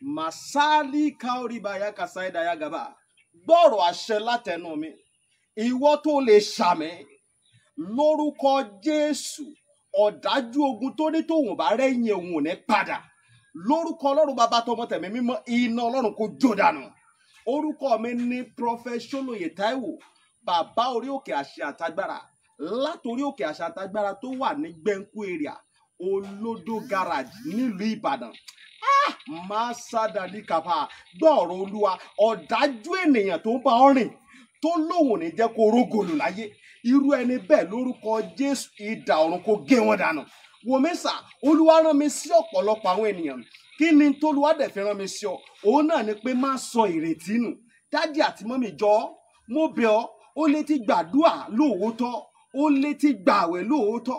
masali kaoribaya kasaidaya gaba gbọ́rọ̀ àṣẹ látẹnu mi ìwọ tó lè ṣàmì lórúkọ jésù ọ̀dájú ogun tó ní tòun bá rẹ́yìn òun ò ní padà lórúkọ ọlọ́run bàbá tọmọ tẹ̀mí mímọ́ iná ọlọ́run kò jó dànù orúkọ mi ní prọfẹsọlóye táíwò bàbá orí òkè àṣẹ àtagbára látòrí òkè àṣẹ àtagbára tó wà ní gbẹ̀ǹkú èrìà olódó garage nílùú ìbàdàn ah, máa sádàdí kàfà gbọ́ọ̀rọ̀ olúwa ọ̀dájú ènìyàn tó ń bá ọ rìn tó lóun ò ní jẹ́ kó rógòlù láyé irú ẹni bẹ́ẹ̀ lórúkọ jésù idà ọ̀run kó gé wọn dànù wòmísà olúwa rán mi sí ọ̀pọ̀lọpọ̀ àwọn ènìyàn kí ni tolúwa dẹ̀ fi rán mi sí ọ òun náà ni pé má sọ ìrètí nù dádì àti mọ́mì jọ ọ́ mo bẹ̀ ọ́ ó létí gbàdúà lóòótọ́ ó létí gbààwẹ̀ lóòótọ́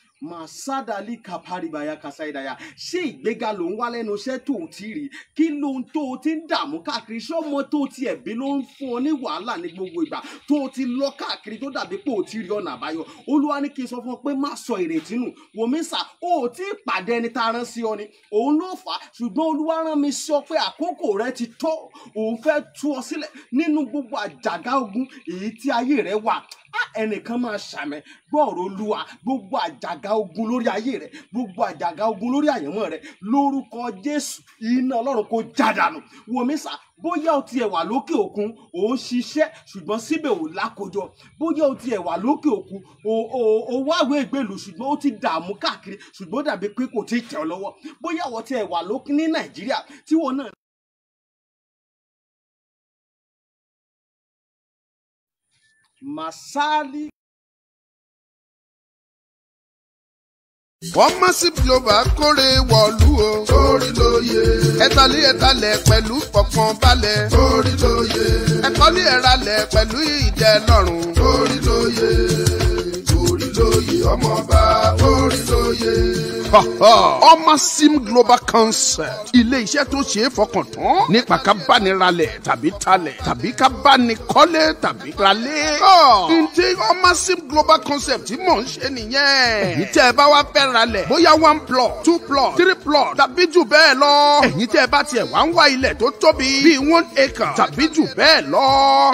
màsádàlì kàpárìbàyà kàsáìdàyà ṣé ìgbéga ló ń wá lẹ́nu iṣẹ́ tó ń ti rí kí ló ń tó o ti ń dààmú káàkiri ṣọmọ tó o ti ẹ̀bí ló ń fún ọ ní wàhálà ní gbogbo ìgbà tó o ti lọ káàkiri tó dàbí pé o ti rí ọ̀nà àbáyọ olúwa ní kí n sọ fún ọ pé má sọ ìrètí nù wòmísà o ò tí ì pàdé ẹni tá a rán sí ọ ni òun ló fà á ṣùgbọ́n olúwa rán mi sọ pé àkókò rẹ ti tó òun fẹ́ tú ọ sílẹ̀ ẹnìkan máa ṣàmì gbọ́ọ̀rọ̀ olúwa gbogbo àjàgà ogun lórí ayé rẹ gbogbo àjàgà ogun lórí àyẹ̀mọ́ rẹ lórúkọ jésù iná ọlọ́run kò jádànù wòmísà bóyá o tiẹ̀ wà lókè òkun ò ń ṣiṣẹ́ ṣùgbọ́n síbẹ̀ ò lákojọ bóyá o tiẹ̀ wà lókè òkun ò wáwé ìgbèlú ṣùgbọ́n o ti dààmú káàkiri ṣùgbọ́n dàbí pé kò tí ì tẹ̀ ọ́ lọ́wọ́ bóyá o tiẹ̀ wà lókè ní nàìjíríà tí wọn náà Masali. wọ́n massive global kórè wọ̀lú o. torí ló yẹ. ẹ̀tàlí ẹ̀tàlẹ̀ pẹ̀lú pọ̀pọ̀n balẹ̀. torí ló yẹ. ẹ̀kọ́lé ẹ̀ralẹ̀ pẹ̀lú ìjẹ́ lọ́rùn. torí ló yẹ. torí ló yẹ ọmọ bá. torí ọmọ sim global concept ilé iṣẹ́ tó ṣe é fọkàn tán nípa ká bá ní ralẹ̀ tàbí talẹ̀ tàbí ká bá ní kọ́lé tàbí ralé. ǹjẹ́ ọmọ sim global concept tí mò ń ṣe nìyẹn. èyí tẹ́ ẹ bá wá fẹ́ ralẹ̀ bóyá one plot two plot three plot tàbí jù bẹ́ẹ̀ lọ. èyí tẹ́ ẹ bá tiẹ̀ wá ń wá ilẹ̀ tó tóbi bíi one acre tàbí jù bẹ́ẹ̀ lọ.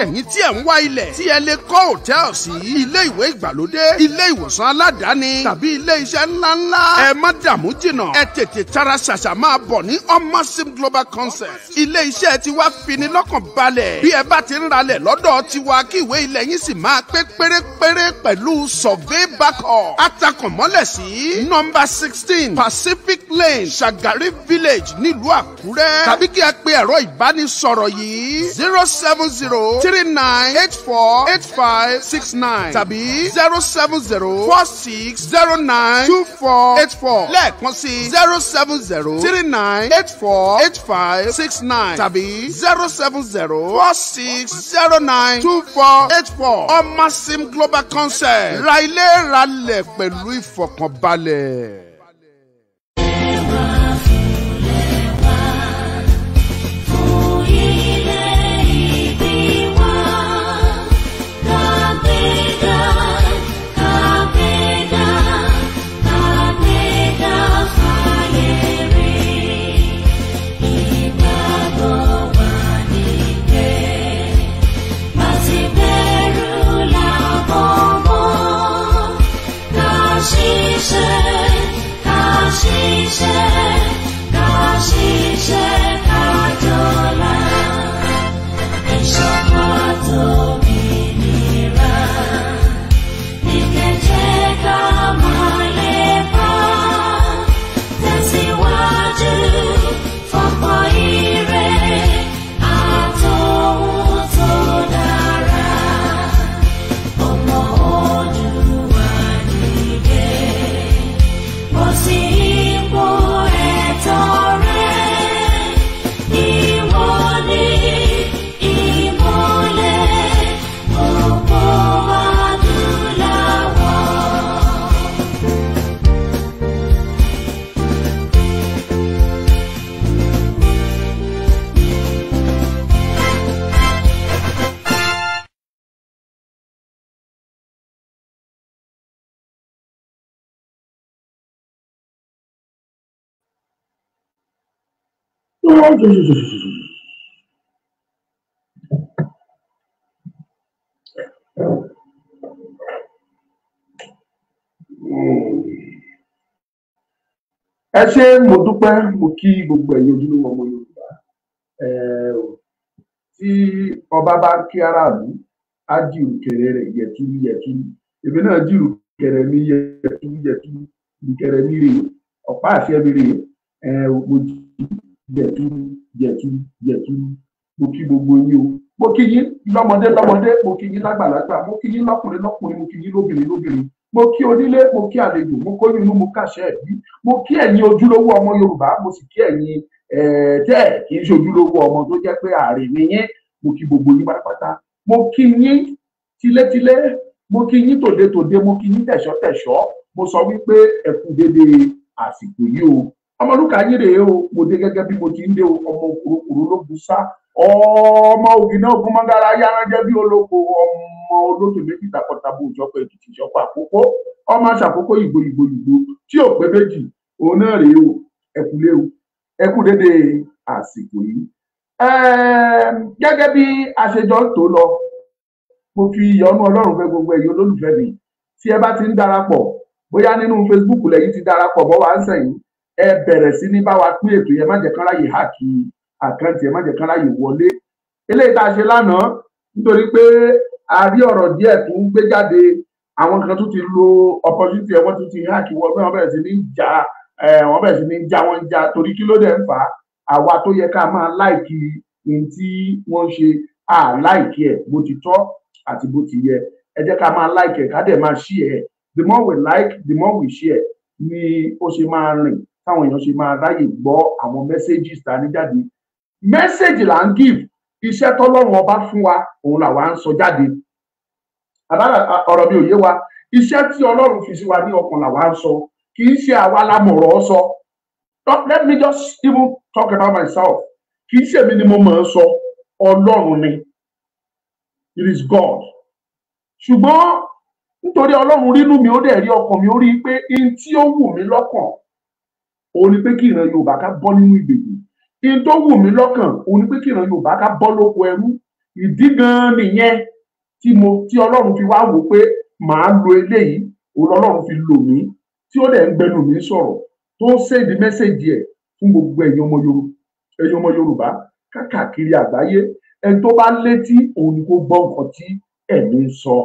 èyí tí ẹ̀ ń wá ilẹ̀ tí ẹ lè kọ́ hòtẹ́ẹ̀lì ilé ìwé ìgbàlódé ilé ìwòsàn aládàáni tàbí ilé iṣẹ́ ńláńlá. ẹ má dààmú jìnnà ẹ tètè tara ṣàṣà máa bọ̀ ní ọmọsim global concert. ilé iṣẹ́ ti wá fini lọ́kàn balẹ̀. bí ẹ bá ti ń ralẹ̀ lọ́dọ̀ tiwa kí ìwé ilẹ̀ yín sì máa pé pérépéré pẹ̀lú survey backup. atakàn mọ́lẹ̀ sí nọ́mbà sixteen pacific lane shagari village nílùú àkúrẹ́. tàbí kí ẹ pe ẹ̀rọ ìbánisọ̀rọ̀ yìí zero seven zero three nine eight four eight five six nine tàbí zero seven zero four six zero nine two two four eight four lẹ́ẹ̀kan sí zero seven zero three nine eight four eight five six nine tàbí zero seven zero four six zero nine two four eight four ọmọ sim global concept ra ilé ra lẹ̀ pẹ̀lú ìfọ̀kànbalẹ̀. 高声，神。ẹ ṣé mo dúpẹ́ mo kí gbogbo ẹ̀yin ojúlówó ọmọ Yorùbá tí ọba bá kí aráàlú á di òkèrè rẹ̀ yẹtúrú yẹtúrú èmi náà di òkèrè mi yẹtúrú yẹtúrú òkèrè mi rèé ọ̀pá àṣẹ mi rèé mo jí. yẹ̀túrú yẹ̀túrú yẹ̀túrú mo kí gbogbo yín o mo kí yín lọ́mọdé lọ́mọdé mo kí yín lágbàlagbà mo kí yín lọ́kùnrin lọ́kùnrin mo kí yín lóbìnrin lóbìnrin mo kí onílé mo kí àlejò mo kóyún inú mo kàṣẹ ẹbí mo kí ẹ̀yin ojúlówó ọmọ Yorùbá mo sì kí ẹ̀yin tẹ́ ẹ̀ kì ṣe ojúlówó ọmọ tó jẹ́ pé ààrẹ ni yín mo kí gbogbo yín pátápátá mo kí yín tilétilé mo kí yín tòde tòde mo kí yín tẹ̀ṣọ́ tẹ̀ṣọ́ mo sọ wípé ẹ kú dédé àsìkò yìí o ọmọlúkà yín rèé o mo dé gẹ́gẹ́ bí mo ti ń dé o ọmọ òkúrukùrú ló bu sá ọmọ ògìnà ogun mọ́ngàrá yáránjẹ́ bí olóko ọmọ olóṣù méjì takọtabo ìjọpọ ètùtù ìjọpọ àkókò ọmọ aṣàkókò ìgbò ìgbò ìgbò tí ò pé méjì òun náà rèé o ẹkùlé o ẹkù dédé àsìkò yìí gẹ́gẹ́ bí àṣejọ tó lọ mo fi ìyọ́nú Ọlọ́run fẹ́ gbogbo ẹ̀yin olólùfẹ́ mi tí ẹ bá ti ń darapọ̀ bóyá nínú Facebook lẹ́yìn ti darapọ̀ bọ wá ń sẹ́yìn ẹ bẹ̀rẹ̀ sí ní bá wa pín ètò yẹn má jẹ́ kán ráyè háàkì àkáǹtì yẹn má jẹ́ kán ráyè wọlé eléyìí tá a ṣe lánàá nítorí pé a rí ọ̀rọ̀ díẹ̀ tó ń gbé jáde àwọn kan tún ti lo opportunity ẹ̀ wọ́n tún ti háàkì wọ pé wọ́n bẹ̀rẹ̀ sí ní jà wọ́n bẹ̀rẹ̀ sí ní jà wọ́n jà torí kí ló dẹ̀ ń fà á àwa tó yẹ ká máa láìkì ní tí wọ́n ṣe à láìkì ẹ̀ bó ti tọ́ àti bó ti yẹ ẹ jẹ́ ká máa láìkì ẹ̀ ká dẹ̀ máa ṣí ẹ̀ the more we like the more we share ni ó ṣe máa rìn táwọn èèyàn ṣe máa ráyè gbọ́ àwọn mẹ́sẹ́gì tá ní jáde mẹ́sẹ́gì là ń give iṣẹ́ tọ́lọ́run ọba fún wa òun làwa ń sọ jáde àbára ọ̀rọ̀ mi ò yé wa iṣẹ́ tí ọlọ́run fi sí wa ní ọkàn làwa ń sọ kì í ṣe àwa la sọ let me just even talk about myself kì í ṣèmi ni mo mọ̀ ọ́ sọ ọlọ́run ni it is God ṣùgbọ́n nítorí ọlọ́run rínú mi ó dẹ̀ rí ọkàn mi ó rí i pé n tí ó wù mí lọ́kàn òun ni pé kí ìran yorùbá ká bọ́ nínú ìgbèkùn in tó wù mí lọ́kàn òun ni pé kí ìran yorùbá ká bọ́ lóko ẹrú ìdí gan nìyẹn tí mo tí ọlọ́run fi wá wò pé màá lo eléyìí òun ọlọ́run fi lò mí tí ó dẹ̀ ń gbẹnu mi sọ̀rọ̀ tó ṣèdí mẹ́sẹ̀gì ẹ̀ fún gbogbo ẹ̀yin ọmọ yorùbá ẹ̀yin ọmọ yorùbá káàkiri àgbáyé ẹni tó bá létí òun ni kó gbọ́ nǹkan tí ẹ̀mí ń sọ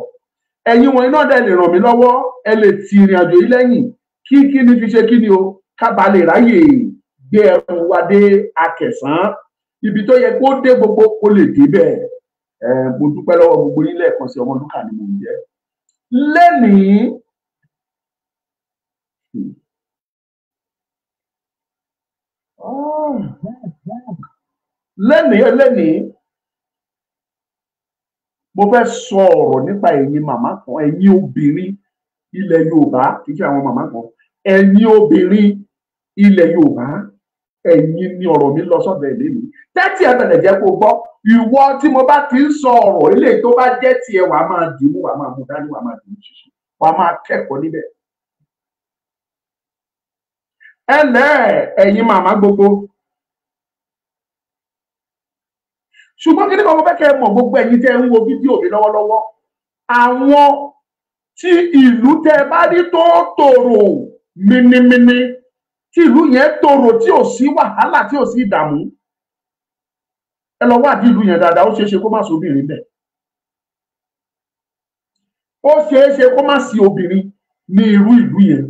ẹ̀yin wọ̀nyí náà dẹ̀ lè ràn mí lọ́wọ́ ẹ lè ti ìrìn yìí lẹ́yìn kí kí ni fi ṣe kí ni o kábàá lè ráyè gbé ẹrù wa dé akẹsàn ibi tó yẹ kó dé gbogbo kó lè débẹ̀ ẹ mo dúpẹ́ lọ́wọ́ gbogbo yín lẹ́ẹ̀kan sí Ọmọlúkà ni mo ń jẹ lẹ́nìí lẹ́nìí lẹ́nìí mo fẹ́ sọ ọ̀rọ̀ nípa ẹ̀yin màmá kan ẹ̀yin obìnrin ilẹ̀ Yorùbá kì àwọn màmá kan ẹ̀yin obìnrin ilẹ̀ Yorùbá ẹ̀yin ni ọ̀rọ̀ mi lọ sọ́dọ̀ ẹ̀ lẹ́nu tẹ́tí ẹ̀ bẹ̀rẹ̀ jẹ́ kó gbọ́ ìwọ tí mo bá ti ń sọ ọ̀rọ̀ eléyìí tó bá jẹ́ tiẹ̀ wàá máa dìímú wàá máa mú dání wàá máa dìímú ṣiṣẹ́ wàá máa kẹ́kọ̀ọ́ níbẹ̀ ẹlẹ ẹ̀yin màmá gbogbo ṣùgbọ́n kí ni mo fẹ́ kẹ́ ẹ mọ̀ gbogbo ẹ̀yin tẹ́ ń wo fídíò mi lọ́wọ́lọ́wọ́ àwọn tí ìlú tẹ́ bá rí tó tòrò minimini tí ìlú yẹn tòrò tí ò sí wàhálà tí ò sí ìdààmú ẹ lọ wádìí ìlú yẹn dáadáa ó ṣeé ṣe kó má sí obìnrin bẹ́ẹ̀ ó ṣeé ṣe kó má sí obìnrin ní irú ìlú yẹn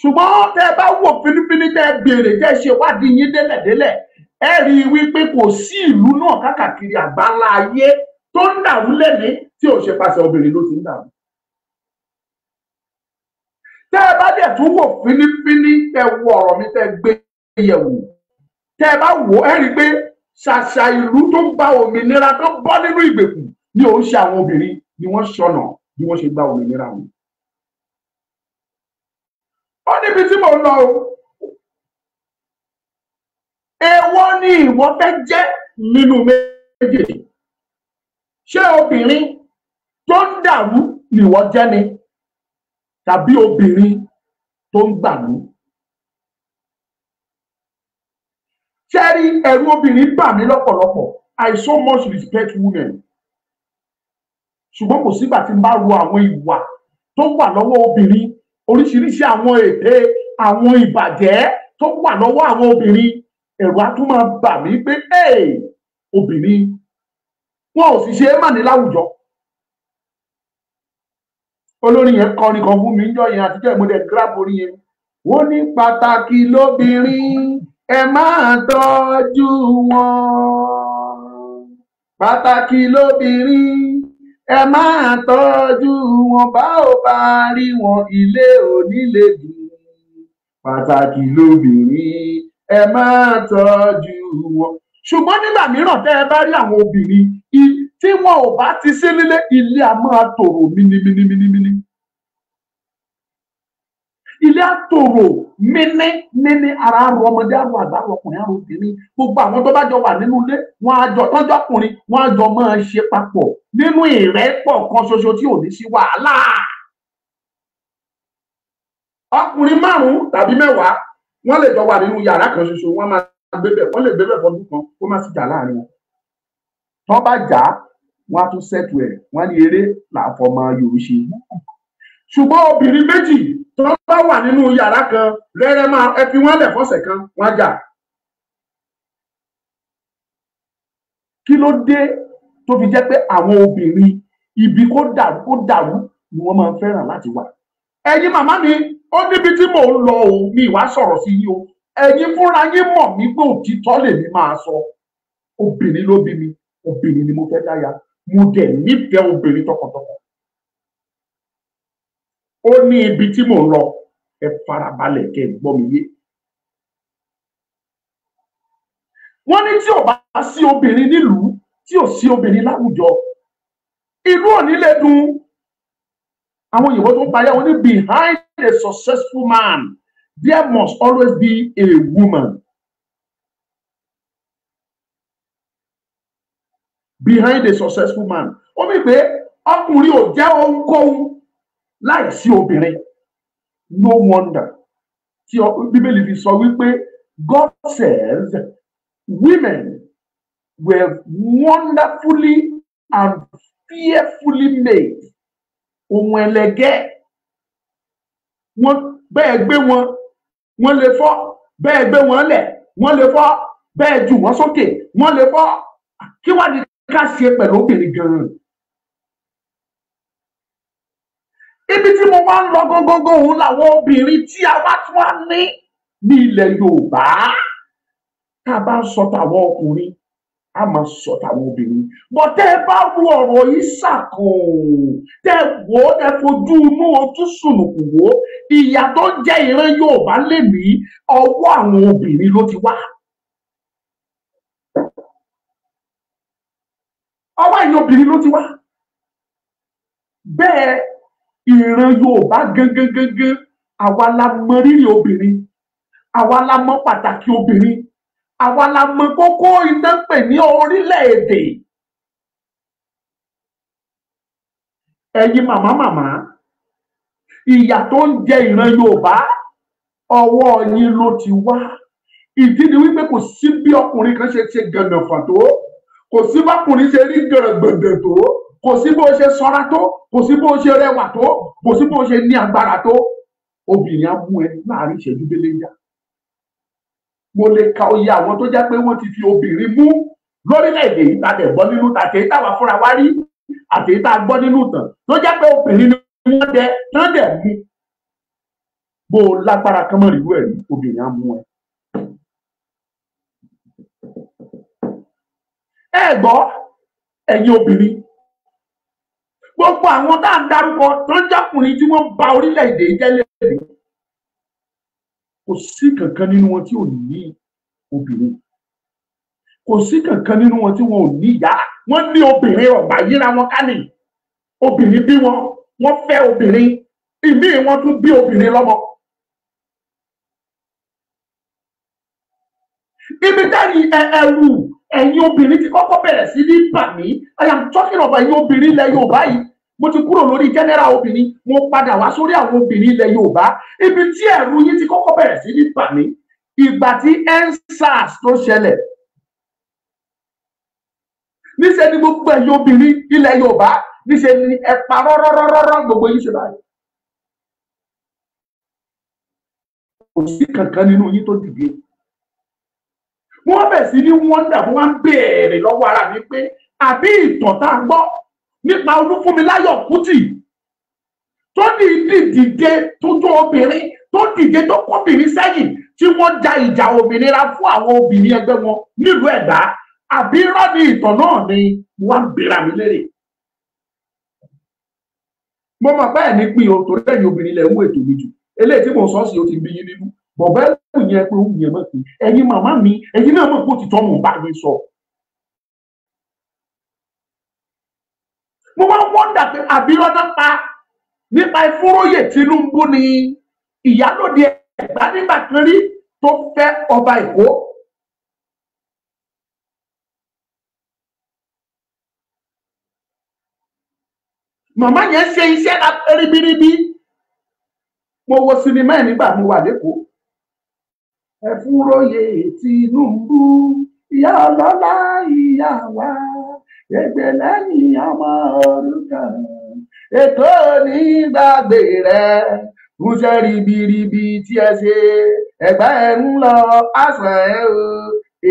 ṣùgbọ́n tẹ́ ẹ bá wò fínífíní tẹ́ ẹ béèrè tẹ́ ẹ ṣe wádìí yín délẹ̀délẹ̀ ẹ rí i wípé kò sí ìlú náà káàkiri àgbáńlá ayé tó ń dàrú lẹ́ni tí ò ṣe pàṣẹ obìnrin ló ti ń dàrú tẹ́ ẹ bá dẹ̀ tún wò fínífíní tẹ́ wo ọ̀rọ̀ mi tẹ́ gbé yẹ̀wò tẹ́ ẹ bá wò ẹ́ rí i pé ṣàṣà ìlú tó ń gba òmìnira tó bọ́ nínú ìgbèkùn ni òun ṣe àwọn obìnrin ni wọ́n ṣọnà bí wọ́n ṣe gba òmìnira wọn. ó níbi tí mo lọ o èwo ni ìwọ fẹ́ jẹ́ nínú méjèèjì ṣé obìnrin tó ń dàrú nìwọ jẹ́ ni tàbí obìnrin tó ń gbàlú. Ṣẹ́rí ẹ̀rù obìnrin bà mí lọ́pọ̀lọpọ̀ I so much respect women ṣùgbọ́n kò sígbà tí n bá wo àwọn ìwà tó wà lọ́wọ́ obìnrin oríṣiríṣi àwọn ète àwọn ìbàjẹ́ tó wà lọ́wọ́ àwọn obìnrin ẹ̀rù á tún máa bà mí pé obìnrin wọn ò sì ṣe é mà ní láwùjọ olórin yẹn kọrin kan fún mi ń jọ yẹn àtijọ́ ìmọ̀dẹ̀ grab orí yẹn wọ́n ní pàtàkì lóbìnrin ẹ máa tọ́jú wọn pàtàkì lóbìnrin ẹ máa tọ́jú wọn bá ò bá rí wọn ilé òní lè dùn pàtàkì lóbìnrin ẹ máa tọ́jú wọn ṣùgbọ́n nígbà mìíràn tẹ́ ẹ bá rí àwọn obìnrin tí wọn ò bá ti sí nílé ilé a máa tòrò mínímínímínímíní ilé àtòrò míní níní ara arọ ọmọdé arọ àgbà arọ ọkùnrin arọ obìnrin gbogbo àwọn tó bá jọ wà nínú ilé wọn àjọ tọjọ ọkùnrin wọn àjọ máa ṣe papọ̀ nínú ìrẹ́pọ̀ kan ṣoṣo tí ò ní sí wàhálà ọkùnrin márùnún tàbí mẹ́wàá wọn lè jọ wà nínú yàrá kan ṣoṣo wọn máa gbébẹ̀ wọn lè gbébẹ̀ fọdún kan kó má sì jà láàrin wọn tó bá jà á wọ́n á tún sẹ́tù ẹ̀ wọ́n á ní eré làfọmọ yòó ṣe. ṣùgbọ́n obìnrin méjì tó bá wà nínú yàrá kan rẹ́rẹ́ máa ẹ fi wọ́n lẹ̀ fọ́sẹ̀ kan wọ́n á jà. kí ló dé tó fi jẹ́ pé àwọn obìnrin ibi kó dàrú kó dàrú ni wọ́n máa ń fẹ́ràn láti wà. ẹ̀yin màmá mi ó níbi tí mò ń lọ òun mi ìwà sọ̀rọ̀ sí yìí o ẹ̀yin fúnra yín mọ̀ mí pé òtítọ́ lèmi máa sọ obìnrin ló bí mi obìnrin ni mo fẹ́ dáya mo dẹ̀ nífẹ̀ẹ́ obìnrin tọkàntọkàn ó ní ibi tí mò ń lọ ẹ farabalẹ̀ kẹ́ ẹ gbọ́ mi yé wọ́n ní tí ò bá sí obìnrin nílùú tí ò sí obìnrin láwùjọ ìlú ò lè dùn àwọn òyìnbó tó ń parí àwọn ní behind a successful man there must always be a woman. behind a successful man ó mì pé ọkùnrin ò jẹ́ ohunkóhun láì obìnrin no wonder tí bíbélì fi sọ wípé God says women were wonderfully and fearfully made ohun ẹlẹgẹ́ wọn bẹ́ẹ̀ gbé wọn wọn lè fọ́ bẹ́ẹ̀ gbé wọn lẹ̀ wọn lè fọ́ bẹ́ẹ̀ jù wọn sókè wọn lè fọ́ kí wàá di ká ṣe pẹ̀lú obìnrin gan-an. ibi tí mo máa ń lọ gógógó òun làwọn obìnrin tí a wá tún á ní ní ilẹ̀ Yorùbá tá a bá ń sọ tàwọn ọkùnrin a máa sọ tàwọn obìnrin bọ́ tẹ́ ẹ bá wo ọ̀rọ̀ yìí ṣàkó tẹ́ ẹ wò ó tẹ́ fojú inú ojú sùnùkù wò ó ìyà tó ń jẹ ìran Yorùbá lè ní ọwọ́ àwọn obìnrin ló ti wá. ọwọ́ ẹ̀yìn obìnrin ló ti wá bẹ́ẹ̀ ìran Yorùbá gangan gangan àwa la mọ rírì obìnrin àwa la mọ pàtàkì obìnrin àwa la mọ kókó ìdánpè ní orílẹ̀-èdè ẹ̀yin màmá màmá ìyà tó ń jẹ ìran Yorùbá ọwọ́ yín ló ti wá ìdí ni wípé kò sí bí ọkùnrin kan ṣe ṣe gànàfà tó kò sí bákùnrin ṣe rí gbẹ̀rẹ̀gbẹ̀dẹ̀ tó kò sí bó ṣe sọ́ra tó kò sí bó ṣe rẹwà tó kò sí bó ṣe ní agbára tó obìnrin á mú ẹ láàrin ìṣẹ́jú délé yá mo lè ka oyè àwọn tó jẹ́ pé wọ́n ti fi obìnrin mú lórílẹ̀‐èdè yìí ta lè gbọ́ nínú tàtẹ́ táwa fúnra wá rí àtẹ́ tá a gbọ́ nínú tàn tó jẹ́ pé obìnrin ni wọ́n dẹ tán dẹ̀ mú bó lágbára kánmọ́rìlú ẹ̀ ní obìnrin á mú ẹ ẹ gbọ́ ẹ̀yin obìnrin gbogbo àwọn tá à ń darúkọ tó ń jákùnrin tí wọ́n ba orílẹ̀-èdè jẹ́ lẹ́yìn kò sí kankan nínú wọn tí ò ní obìnrin kò sí kankan nínú wọn tí wọn ò ní ìyá wọn ní obìnrin ọgbà yíra wọn ká nìyí obìnrin bí wọn wọn fẹ́ obìnrin ìmí wọn tún bí obìnrin lọ́mọ. ibi táyì ẹrù ẹ̀yin obìnrin ti kọ́kọ́ bẹ̀rẹ̀ sí ní bà mí i am talking of ẹ̀yin obìnrin ilẹ̀ yorùbá yìí mo ti kúrò lórí general obìnrin mo padà wá sórí àwọn obìnrin ilẹ̀ yorùbá ibi tí ẹ̀rù yín ti kọ́kọ́ bẹ̀rẹ̀ sí ní bà mí ìgbà tí ensars tó ṣẹlẹ̀ níṣẹ́ ni gbogbo ẹ̀yin obìnrin ilẹ̀ yorùbá níṣẹ́ ni ẹ pa rọ́rọ́rọ́rọ́ gbogbo yín ṣe báyìí. kò sí kankan nínú yín tó dìde wọ́n bẹ̀ sí ní wọ́ndà wọ́n ń béèrè lọ́wọ́ ara mi pé àbí ìtàn tá a gbọ́ nípa Olúfúnmiláyọ̀ Kútì tó ní dìdìde tó tó obìnrin tó dìde tó kóbìnrin sẹ́yìn tí wọ́n ja ìjà òmìnira fún àwọn obìnrin ẹgbẹ́ wọn nílùú Ẹ̀gbá àbí irọ́ ni ìtàn náà ni wọ́n ń béèrè mi lérè mo mọ̀ báyìí ní pín o torí ẹ̀yin obìnrin lẹ̀ ń wo ètò mi jù eléyìí tí mo sọ sí o ti bí yín nínú bọ̀bá ẹ̀rù yẹn pé ó yẹ mọ́tò ẹ̀yin màmá mi ẹ̀yin náà mọ̀ pé ó ti tọ́ mọ̀ bá mi sọ. mo máa ń wọ́ndà pé àbírọ́dá pa nípa ìfúróyè Tinubu ni ìyálòdì Ẹ̀gbá nígbà kan rí tó fẹ́ ọba Èkó. màmá yẹn ṣe iṣẹ́ ribiribi mo wo sinimá ẹ̀ nígbà mo wà lẹ́kọ̀ọ́ ẹ̀fúnròyè Tinubu ìyá ọlọ́lá ìyá wa ẹgbẹ́ lẹ́yìn ọmọ òrukàn ètò onígbàgbé rẹ múṣẹ́ ribiribi tí ẹ ṣe ẹ̀gbá ẹ̀ ń lọ àṣàn ẹ̀ o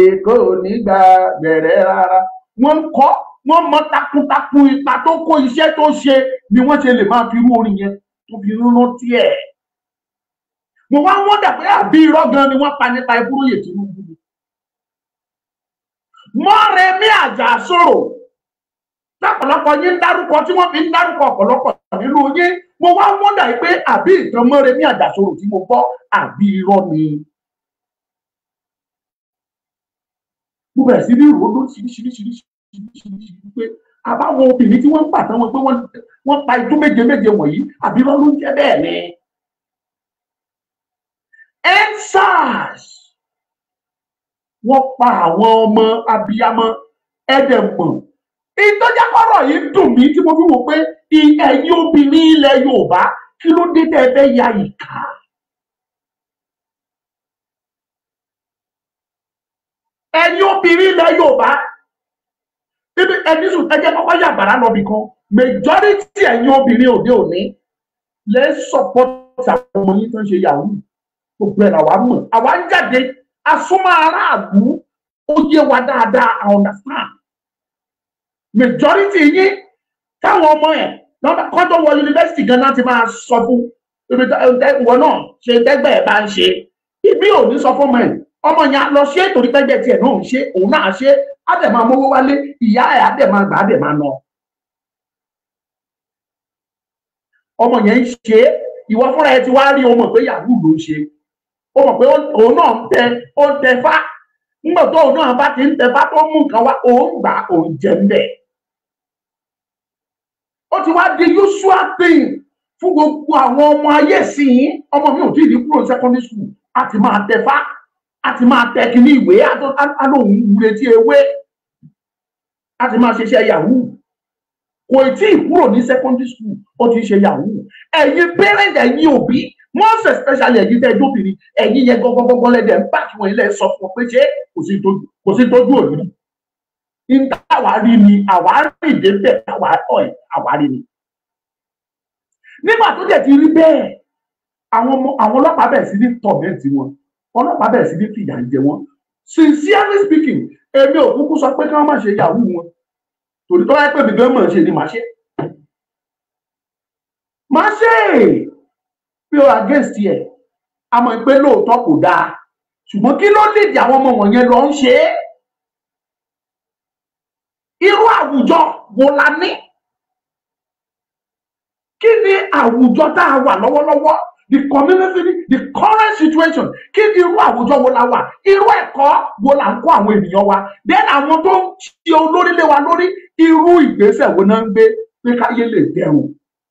èkó onígbà bẹ̀rẹ̀ rárá wọ́n ń kọ́ wọ́n mọ takuntakun ipa tó kó iṣẹ́ tó ṣe ni wọ́n ṣe lè máa fi irú orin yẹn tó fi rán mo wá wọ́n dà pé àbí ah, irọ́ gan ni wọ́n pa nípa Ewúròyè Tinubu ni Mọ́remí Àjàsorò lápọ̀lọpọ̀ yín ń dárúkọ tí wọ́n fi ń dárúkọ ọ̀pọ̀lọpọ̀ nínú yín mo wá wọ́n dà pé àbí ìtàn Mọ́remí Àjàsorò tí mo gbọ́ àbí irọ́ ni. mo bẹ̀rẹ̀ sí ní ròdó ṣiríṣiríṣiríṣiríṣiríṣi pé àbáwọn obìnrin tí wọ́n ń pàtàn wọn pé wọ́n pa itú méje méje wọ̀nyí àbí irọ́ ló ń jẹ́ bẹ́ẹ̀ ni endsars wọ́n pa àwọn ọmọ abiyamọ ẹdẹ mọ ìtọ́jákọ́rọ̀ yìí dùn mí tí mo fi wò pé ẹ̀yin obìnrin ilẹ̀ yorùbá kí ló dé tẹ́ ẹ fẹ́ ya ìka. ẹ̀yin obìnrin ilẹ̀ yorùbá ibi ẹni sùn ẹjẹ kọ́kọ́ yàgbára lọ́bì kan majority ẹ̀yin obìnrin òde òní lè support àwọn ọmọ yín tó ń ṣe yahoo gbogbo ẹ̀ làwa mọ̀ àwa ń jáde asúnmọ́ aráàlú ó yé wa dáadáa i understand majority yín táwọn ọmọ ẹ̀ kọ́tọ̀ wọ yunifásitì gan láti máa sọ fún ìwọ náà ṣe dẹ́gbẹ́ ẹ̀ bá ń ṣe ibi ò ní sọ fún ọmọ ẹ̀ ọmọ yẹn lọ ṣe torí pẹ́gbẹ́ tiẹ̀ náà ń ṣe òun náà ṣe á dẹ̀ wálé ìyá ẹ̀ á gbà á dẹ̀ ọmọ yẹn ń ṣe ìwọ fúnra ẹ ti wá rí ọmọ pé yahoo ló ń ṣe ó mọ̀ pé òun náà ń tẹ ó ń tẹ fá nígbà tó òun náà bá ti ń tẹ fá tó mú nǹkan wá òun gbà òun jẹ ń bẹ̀. ó ti wá di usual thing fún gbogbo àwọn ọmọ ayé sí i ọmọ mi ò tí ì rí kúrò secondary school a ti máa tẹ fá a ti máa tẹ kí ní ìwé a lóun wúre tí ewé a ti máa ṣiṣẹ́ yahoo kò tí ì kúrò ní secondary school ó ti ń ṣe yahoo ẹ̀yin parent ẹ̀yin òbí most especially ẹ̀yin tẹ́ jóbìnrin ẹ̀yin yẹn gọ́gọ́gọ́gọ́ lẹ́dẹ̀ ń bá tí wọ́n ilé sọ fún ọ pé ṣé kò sí tójú òní ní táwárí ni àwárí ìdébẹ̀ àwárí ni. nígbà tó dẹ̀ ti rí bẹ́ẹ̀ àwọn ọlọ́pàá bẹ̀rẹ̀ sí ní tọ̀mẹ́ǹtì wọn ọlọ́pàá bẹ̀rẹ̀ sí ní fìyà ń jẹ wọn sincerely speaking èmi ò kúkú sọ pé kí wọ́n má ṣe yahoo wọn torí tó wáyé pé gbígbẹ́ mọ̀ ṣe ni màá ṣe màá ṣe pé ó against ẹ̀ àmọ́ pé lóòótọ́ kò dáa ṣùgbọ́n kí ló lè di àwọn ọmọ wọ̀nyẹn lọ ń ṣe é irú àwùjọ wo la ní kí ni àwùjọ tá a wà lọ́wọ́lọ́wọ́ the community the current situation kí irú àwùjọ wo la wà irú ẹ̀kọ́ wo la ń kó àwọn ènìyàn wa then àwọn tó ń ṣe olórí lé wa lórí irú ìgbésẹ̀ wo náà ń gbé pé káyé lè dẹrùn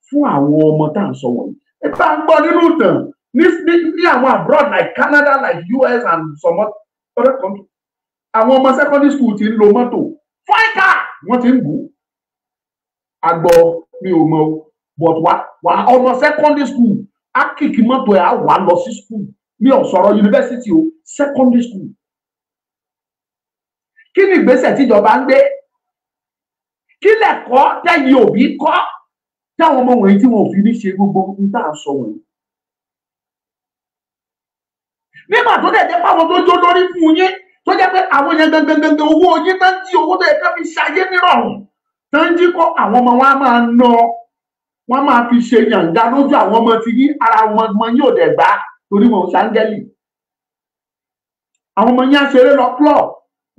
fún àwọn ọmọ tá à ń sọ wọ̀nyí ẹ bá ń gbọ́ nínú ìtàn ní àwọn abroad like Canada like US and some other countries àwọn ọmọ secondary school ti ń lo mọ́tò fáìkà wọ́n ti ń bù ú àgbọ̀ mi ò mọ̀ but wà ọmọ secondary school á kìkì mọ́tò ẹ̀ á wà lọ sí skul mi ò sọ̀rọ̀ yunifásitì o secondary school kí ni ìgbésẹ̀ tíjọba ń gbé kí lẹ̀kọ́ tẹ̀yìn òbí kọ́ táwọn ọmọ wọ̀nyí tí wọn ò fi ní ṣe gbogbo ohun tá à ń sọ wọ̀nyí nígbà tó dẹ̀ jẹ́ fáwọn tó jó lórí fún yín tó jẹ́ pé àwọn èèyàn gbẹngbẹngbẹngbẹ owó yín tó ń jí owó tó yẹ ká fi ṣayé nírọ̀rùn tó ń jí kó àwọn ọmọ wa máa ń ná ọ wọ́n máa fi ṣe yànga lójú àwọn ọmọ ti yí ara wọn ọmọ yóò dẹ̀ gbá torí wọn ò sáńgẹ́lì àwọn ọmọ yẹn á ṣeré lọ plọ̀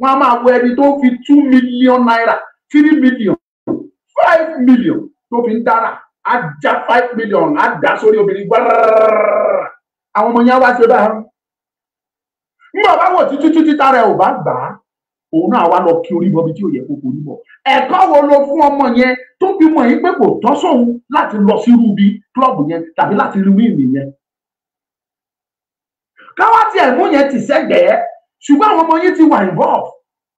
wọ́n á máa wọ ẹni tó fi two million naira three million five million tó fi ń dára á já five million á dá sórí obìnrin gbárárárá àwọn ọmọ yẹn wá ṣe báyìí nígbà bá wọ̀ títí títí tára ẹ̀ ò bá gbà òun náà wá lọ kí orí bọbi tí ò yẹ kó forí bọ ẹ̀kọ́ wo lo fún ọmọ yẹn tó fi mọ̀ yín pé kò tọ́ sóhun láti lọ sí rubi klọ́ọ̀bù yẹn tàbí láti rí wíìnì yẹn káwá tiẹ̀ mú yẹn ti sẹ́gbẹ̀ẹ́ ṣùgbọ́n àwọn ọmọ yín ti wà involve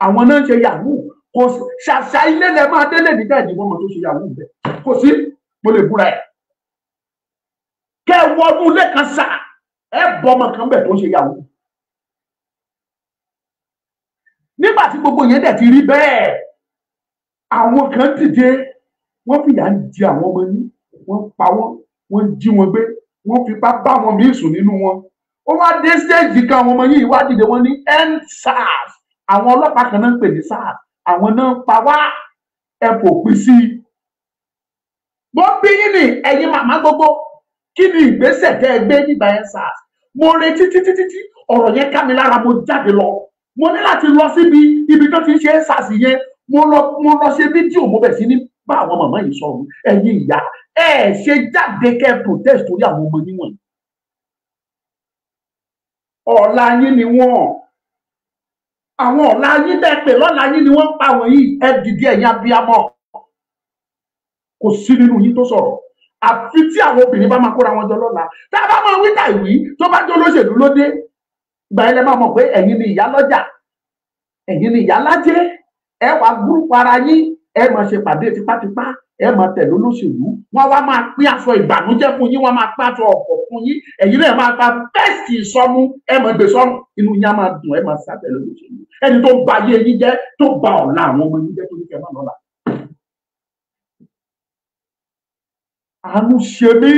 àwọn náà ń ṣe yahoo kò ṣàṣà ilé lẹ máa délé nígbà ìdìbò ọmọ tó ṣe yahoo bẹ kò sí mo lè búra ẹ kẹ wọnú ilé kan sá ẹ bọ ọmọ kan bẹ tó ṣe yahoo nígbà tí gbogbo yẹn dẹ̀ ti rí bẹ́ẹ̀ àwọn kan dìde wọ́n fìyà ń di àwọn ọmọ ní wọ́n pa wọ́n wọ́n jí wọn gbé wọ́n fipá bá wọn míì sùn nínú wọn ó wá dé stéèjì kan àwọn ọmọ yìí wá dìde wọ́n ní endsars àwọn ọlọ́pàá kan náà ń pè ní sars àwọn náà ń pa wá ẹ kò pín sí i mo bí yín ní ẹ̀yin màmá gbogbo kí ni ìgbésẹ̀ tẹ́ ẹ gbé nígbà yẹn sars mo retí títí títí ọ̀rọ̀ yẹn ká mi lára mo jáde lọ mo ní láti lọ síbi ibi tó ti ń ṣe sars yẹn mo lọ mo lọ ṣe fídíò mo bẹ̀ sí ní bá àwọn màmá yìí sọ̀rọ̀ ẹ̀yin ìyá ẹ̀ ṣe jáde kẹ́ protest torí àwọn ọmọ níwọ̀n ọ̀la yín ni wọ́n àwọn ọ̀la yín bẹ́ẹ̀ pé lọ́la yín ni wọ́n ń pa wọ̀nyí ẹ dìde ẹ̀yin abiyamọ kò sí nínú yín tó sọ̀rọ̀ àfi tí àwọn obìnrin bá máa kóra wọn jọ lọ́la tá a bá máa wí tàìwí tó bá jọ lóṣèlú lóde gbàyẹn lẹ máa mọ̀ pé ẹ̀yin ni ìyá lọ́jà ẹ̀yin ni ìyá lájẹ́ ẹ wàá gúrúpù ara yín ẹ máa ṣe pàdé tipátipá ẹ máa tẹ̀lé olóṣèlú wọn wá máa pín aṣọ ìbànújẹ́ fún yín wọn máa pín aṣọ ọ̀pọ̀ fún yín ẹ̀yin náà máa gba bẹ́ẹ̀sì ìsọmú ẹ máa gbé sọ́run inú yín á máa dùn ẹ máa sátẹ̀lé olóṣèlú ẹni tó ba ayé yín jẹ́ tó ba ọ̀la àwọn ọmọ yín jẹ́ tó ní kẹ́ máa lọ́la. àánú ṣe mí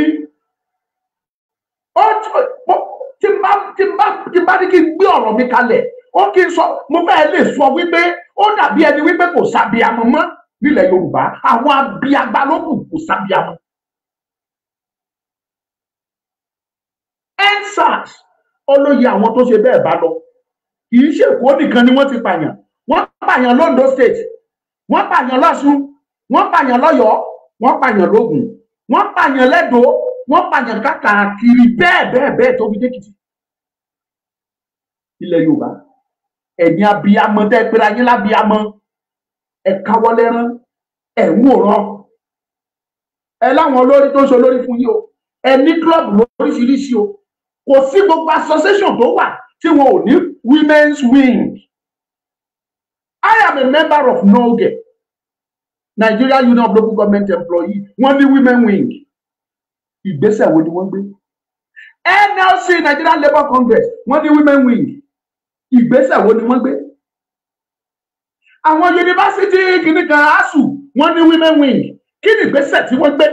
tí n bá tí n bá ní kí n gbé ọ̀rọ̀ mi kalẹ̀ ó kí n sọ mo fẹ́ lè sọ wípé ó dàbí ẹni wípé kò sábìàmọ́ mọ́ nílẹ̀ Yorùbá àwọn abiagba ló kù kò sábìàmọ́. endsars olóye àwọn tó ṣe bẹ́ẹ̀ bá lọ kì í ṣèkó nìkan ni wọ́n ti pààyàn wọ́n pààyàn londo state wọ́n pààyàn lọ́sùn wọ́n pààyàn lọ́yọ̀ọ́ wọ́n pààyàn lógùn wọ́n pààyàn lẹ́dọ̀ọ́ wọ́n pààyàn káàkiri bẹ́ẹ̀ bẹ́ẹ̀ bẹ́ẹ̀ tó fi dé kìtì ilẹ̀ yorùbá ẹ̀yin abiyamọ tẹ́ ẹ pera yín lábiyamọ ẹ káwọ́ lẹ́rán ẹ ń wòran ẹ láwọn olórí tó ń ṣe olórí fún yín o ẹ ní kílọ̀bù lóríṣiríṣi o kò sí gbogbo association tó wà tí wọn ò ní women's wing I am a member of NOGE Nigeria Union of Local Government Employees wọ́n ní women wing ìgbésẹ̀ wo ni wọ́n gbé NLC Nigeria Labour Congress wọ́n ní women wing ìgbésẹ̀ wo ni wọ́n gbé àwọn yunifásitì kìnnìkan asuu wọ́n ní women wing kí ni ìgbésẹ̀ tí wọ́n gbé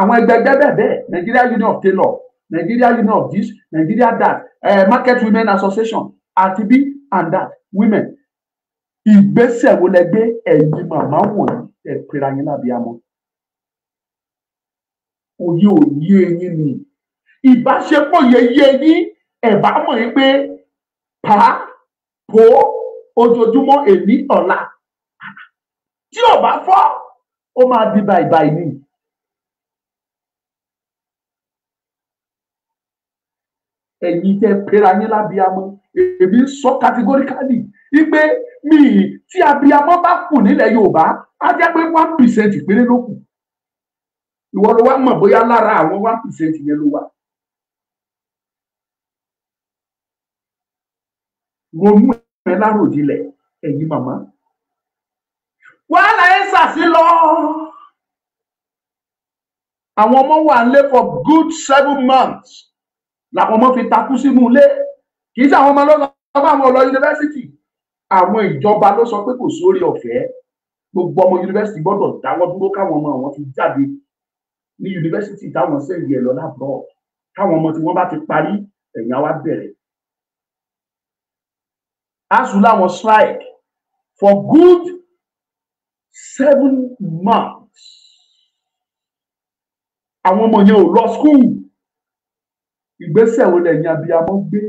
àwọn ẹgbẹgbẹ bẹ́ẹ̀ bẹ́ẹ̀ Nigeria Union of Tailor Nigeria Union of this Nigeria that uh, eh, Market Women Association àti b and that women ìgbésẹ̀ wo lẹ gbé ẹ̀yin màmá wọ̀nyí ẹ pera yín lábí amọ òye òye yín ni ìbáṣepọ̀ yẹ yé yín ẹ̀bá mọ̀ yín pé pa po ojoojúmọ́ èmi ọ̀la tí ò bá fọ́ ó máa di bàìbàì ni. ẹ̀yin tẹ́ pera yín lábíamọ́ èmi sọ categorically wípé mi tí abíamọ́ bá kù nílẹ̀ Yorùbá á jẹ́ pé one percent péré ló kù ìwọ ló wá mọ̀ bóyá lára àwọn one percent yẹn ló wà. ronú ẹ láròjinlẹ̀ ẹ̀yin màmá wàhálà ẹ sàsí lọ àwọn ọmọ wà nílé for good seven months làwọn ọmọ fi takú sínú ilé kì í ṣe àwọn ọmọ ló lọ bá wọn lọ yunifásitì àwọn ìjọba ló sọ pé kò sórí ọ̀fẹ́ gbogbo ọmọ yunifásitì gbọ́dọ̀ dáwọ́ dúró káwọn ọmọ àwọn ti jáde ní yunifásitì táwọn sẹ́yìn ẹ̀ lọ lábọ̀ káwọn ọmọ tí wọ́n bá ti parí ẹ̀yìn àwa bẹ̀rẹ̀ asula was strike for good seven months àwọn ọmọ yẹn ò lọ school ìgbésẹ̀ wo lẹ́yìn abiyamọ gbé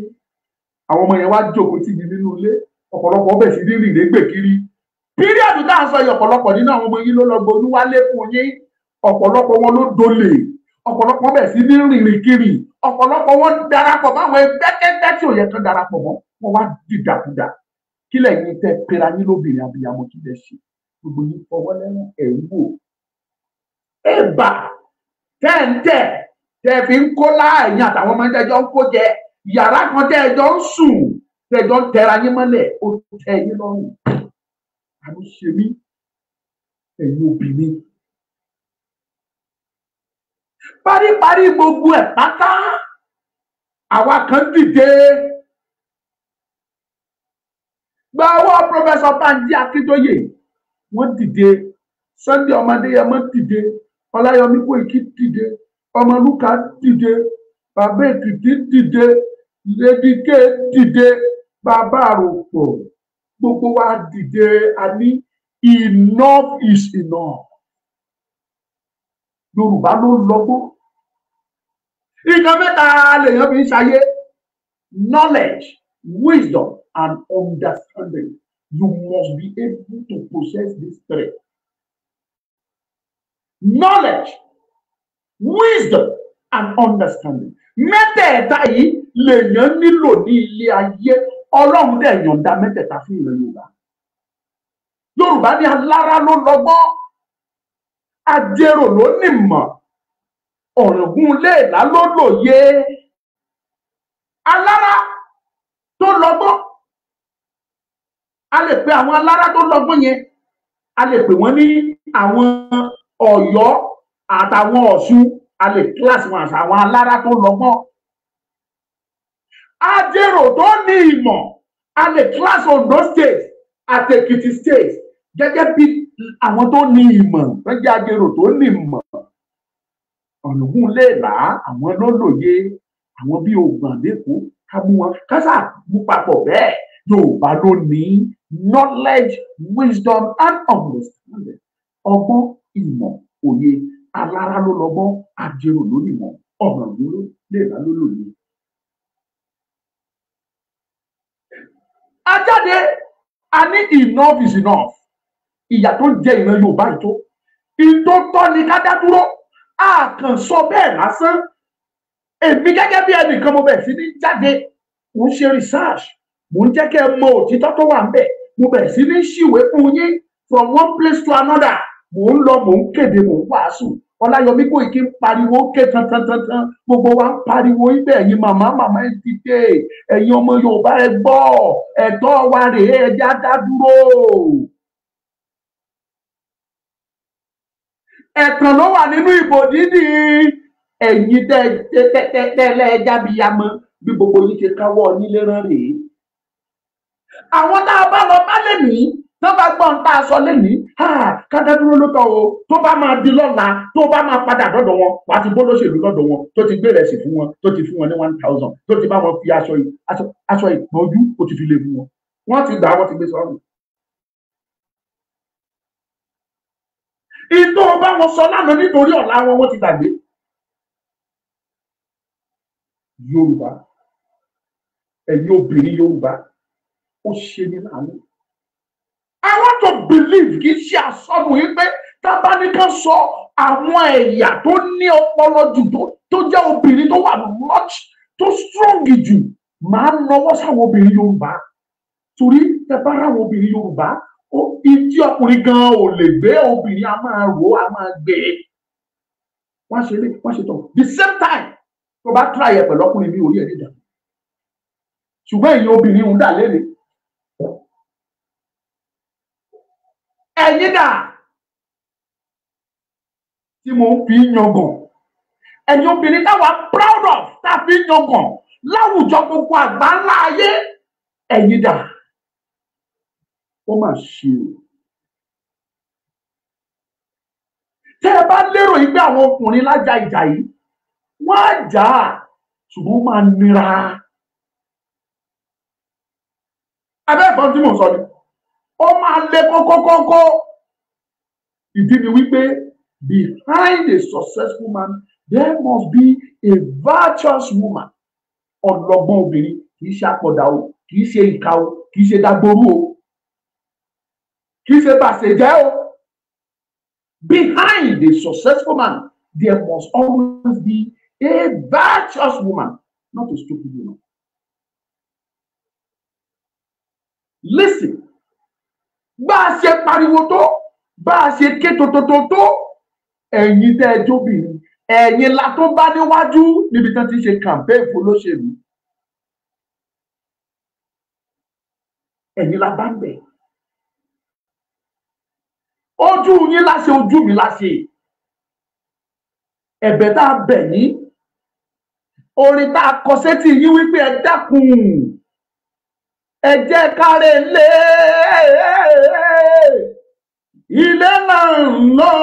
àwọn ọmọ yẹn wá jókòó tì mí nínú ilé ọ̀pọ̀lọpọ̀ ọbẹ̀ sí rírì rẹ́gbè kiri píríọ̀dù tá à ń sọ yìí ọ̀pọ̀lọpọ̀ nínú àwọn ọmọ yín ló lọ gbóyún wálé fún yín ọ̀pọ̀lọpọ̀ wọn ló dolè ọ̀pọ̀lọpọ̀ ọbẹ̀ sí rírì kiri ọ̀pọ̀lọpọ̀ wọn darapọ̀ báwọn ẹgbẹ́ kẹ́kẹ́ tí ò yẹ kán darapọ̀ mọ́ wọ́n wá dìdàkudà kí lẹ́yìn tẹ pera yín lóbìnrin abiyamọ kí lẹ ṣe gbogbo yín fọwọ́ lẹ́rùn ẹ̀ ń wò ẹ̀bà tẹ́ǹtẹ̀ tẹ́ fi ń kó láàyè àtàwọn ọmọ ẹjọ́ ń kó jẹ yàrá kan tẹ́ ẹjọ́ ń sùn tẹ́ ẹjọ́ ń tẹra yín mọ́lẹ̀ ó tẹ́ yín lọ́rùn àmì ṣe mí ẹ̀yin obìnrin paríparí gbogbo ẹ̀ pátá àwa kan dìde gba ọwọ́ pọfẹsọ Banji Akíntóyè wọ́n dìde Sunday Ọmọdéyẹmọ dìde Ọláyọmí Koiki dìde Ọmọlúkà dìde bàbá Èkìtì dìde lédìké dìde bàbá àròpọ̀ gbogbo wa dìde a ní enough is enough Yorùbá ló ń lọ́gbọ́n nǹkan mẹ́ta lèèyàn fi ń ṣayé knowledge wisdom and understanding. You must be able to possess this three knowledge, wisdom, and understanding. Mẹ́tẹ̀ẹ̀ta yìí lèèyàn nílò ní ilé ayé ọlọ́run dẹ̀ yọ̀ǹda mẹ́tẹ̀ẹ̀ta fún ìran Yorùbá. Yorùbá ní alára ló lọ́gbọ́n, ajérò ló nímọ̀, ọ̀rọ̀gùn léèlá ló lòye. Alára tó lọ́gbọ́n a lè pe àwọn alára tó lọ́gbọ́n yẹn a lè pè wọ́n ní àwọn Ọ̀yọ́ àtàwọn Ọ̀ṣun a lè kíláàsì wọn àti àwọn alára tó lọ́gbọ́n ajérò tó ní ìmọ̀ a lè kíláàsì Ondo state àti Èkìtì state gẹ́gẹ́ bí àwọn tó ní ìmọ̀ tó jẹ́ ajérò tó ní ìmọ̀ ọ̀nùgún lè là á àwọn ló àwọn bíi ògbọ̀n lẹ́kọ̀ọ́ ká mú wọn ká mú papọ̀ bẹ́ẹ̀ yorùbá ló ní knowledge wisdom and understanding ọgbọ́n ìmọ̀ òye alára ló lọ́gbọ́n àjèrò ló nímọ̀ ọ̀nà ló lè rà ló lòye. ajáde a ní enough is enough ìyà tó jẹ ìran yorùbá yìí tó ìtò tọ́ ni ká dá dúró àkànṣọ bẹ́ẹ̀ lásán èmi gẹ́gẹ́ bí ẹnìkan mo bẹ̀ sí ní jáde mo ṣe research mò ń jẹ́ kẹ́ ẹ mọ òtítọ́ tó wà ńbẹ̀ mo bẹ̀rẹ̀ sí ní ṣìwé fún yín from one place to another mò ń lọ mò ń kéde mò ń wàásù ọláyọmí kò kí ń pariwo ké tantantantan gbogbo wa ń pariwo ibẹ̀ ẹ̀yin màmá màmá ẹ ti dé ẹ̀yin ọmọ yorùbá ẹ gbọ́ ẹ̀tọ́ wa rèé ẹjẹ dá dúró. ẹ̀tàn ló wà nínú ìbò dídì ẹ̀yin tẹ́lẹ̀ ẹja bíi yamọ bí gbogbo yìí ti káwọ́ nílé rán rèé àwọn tá a bá lọ bá lè ní tó bá gbọ́n tá a sọ lè ní kádà dúró ló tọ́ o tó bá máa di lọ́la tó bá máa padà dọ́dọ̀ wọn wà á ti bó lóṣèlú lọ́dọ̀ wọn tó ti gbèrè sí fún wọn tó ti fún wọn ní one thousand tó ti bá wọn fi aṣọ aṣọ ìpọ́njú ó ti fi lè fún wọn wọ́n ti gbà wọ́n ti gbé sọ́run. ìtò bá wọn sọ lánàá nítorí ọ̀la wọn wọ́n ti dàgbé. Yorùbá ẹ̀yin obìnrin Yorùbá ó ṣe ní àánú. I want to believe kì í ṣe àsọnù yìí pé tábánikà sọ àwọn ẹ̀yà tó ní ọpọlọ jù tó jẹ́ obìnrin tó wà much tó strong jù máa ń nọwọ́ sáwọn obìnrin Yorùbá torí tẹ́bára àwọn obìnrin Yorùbá ìdí ọkùnrin gan ò lè gbé obìnrin a máa rò a máa gbé wọ́n ṣe lé wọ́n ṣe tọ̀ the same time tó bá try ẹ̀ pẹ̀lú ọkùnrin mi ò rí ẹ̀ nídàá ṣùgbọ́n ìyẹn obìnrin ń dà lélẹ̀ ẹ̀yin dà tí mo ń fi yangàn ẹ̀yin obìnrin táwa proud of tá a fi yangàn láwùjọ gbogbo àgbà ńlá ayé ẹ̀yin dà ó mà ṣe o. tẹ́ ẹ bá lérò yìí pé àwọn ọkùnrin lájà ìjà yìí wọ́n á jà á ṣùgbọ́n ó máa nira. abẹ́ ìbọn tí mò ń sọ ni ó máa le kókókókó ìdí ni wípé behind a successful man there must be a virtuous woman ọlọ́gbọ́n obìnrin kì í ṣe àpọ̀dà o kì í ṣe ìka o kì í ṣe dagboru o kì ṣe bàṣẹjẹ́ o behind a successful man there must always be a virtuous woman not a stupid woman listen bá a ṣe pariwo tó bá a ṣe ké tótótótó ẹ̀yin tẹ́ ẹ jóbìnrin ẹ̀yin la tó bá níwájú níbi tán ti ṣe campaign fún olóṣèlú ẹ̀yin la bá ń bẹ̀ ojú yín la ṣe ojú mi la ṣe ẹ̀bẹ̀ tá a bẹ̀ yín orin tá a kọ sétí yín wípé ẹ dákun. ẹ jẹ́ na lé ilé náà lọ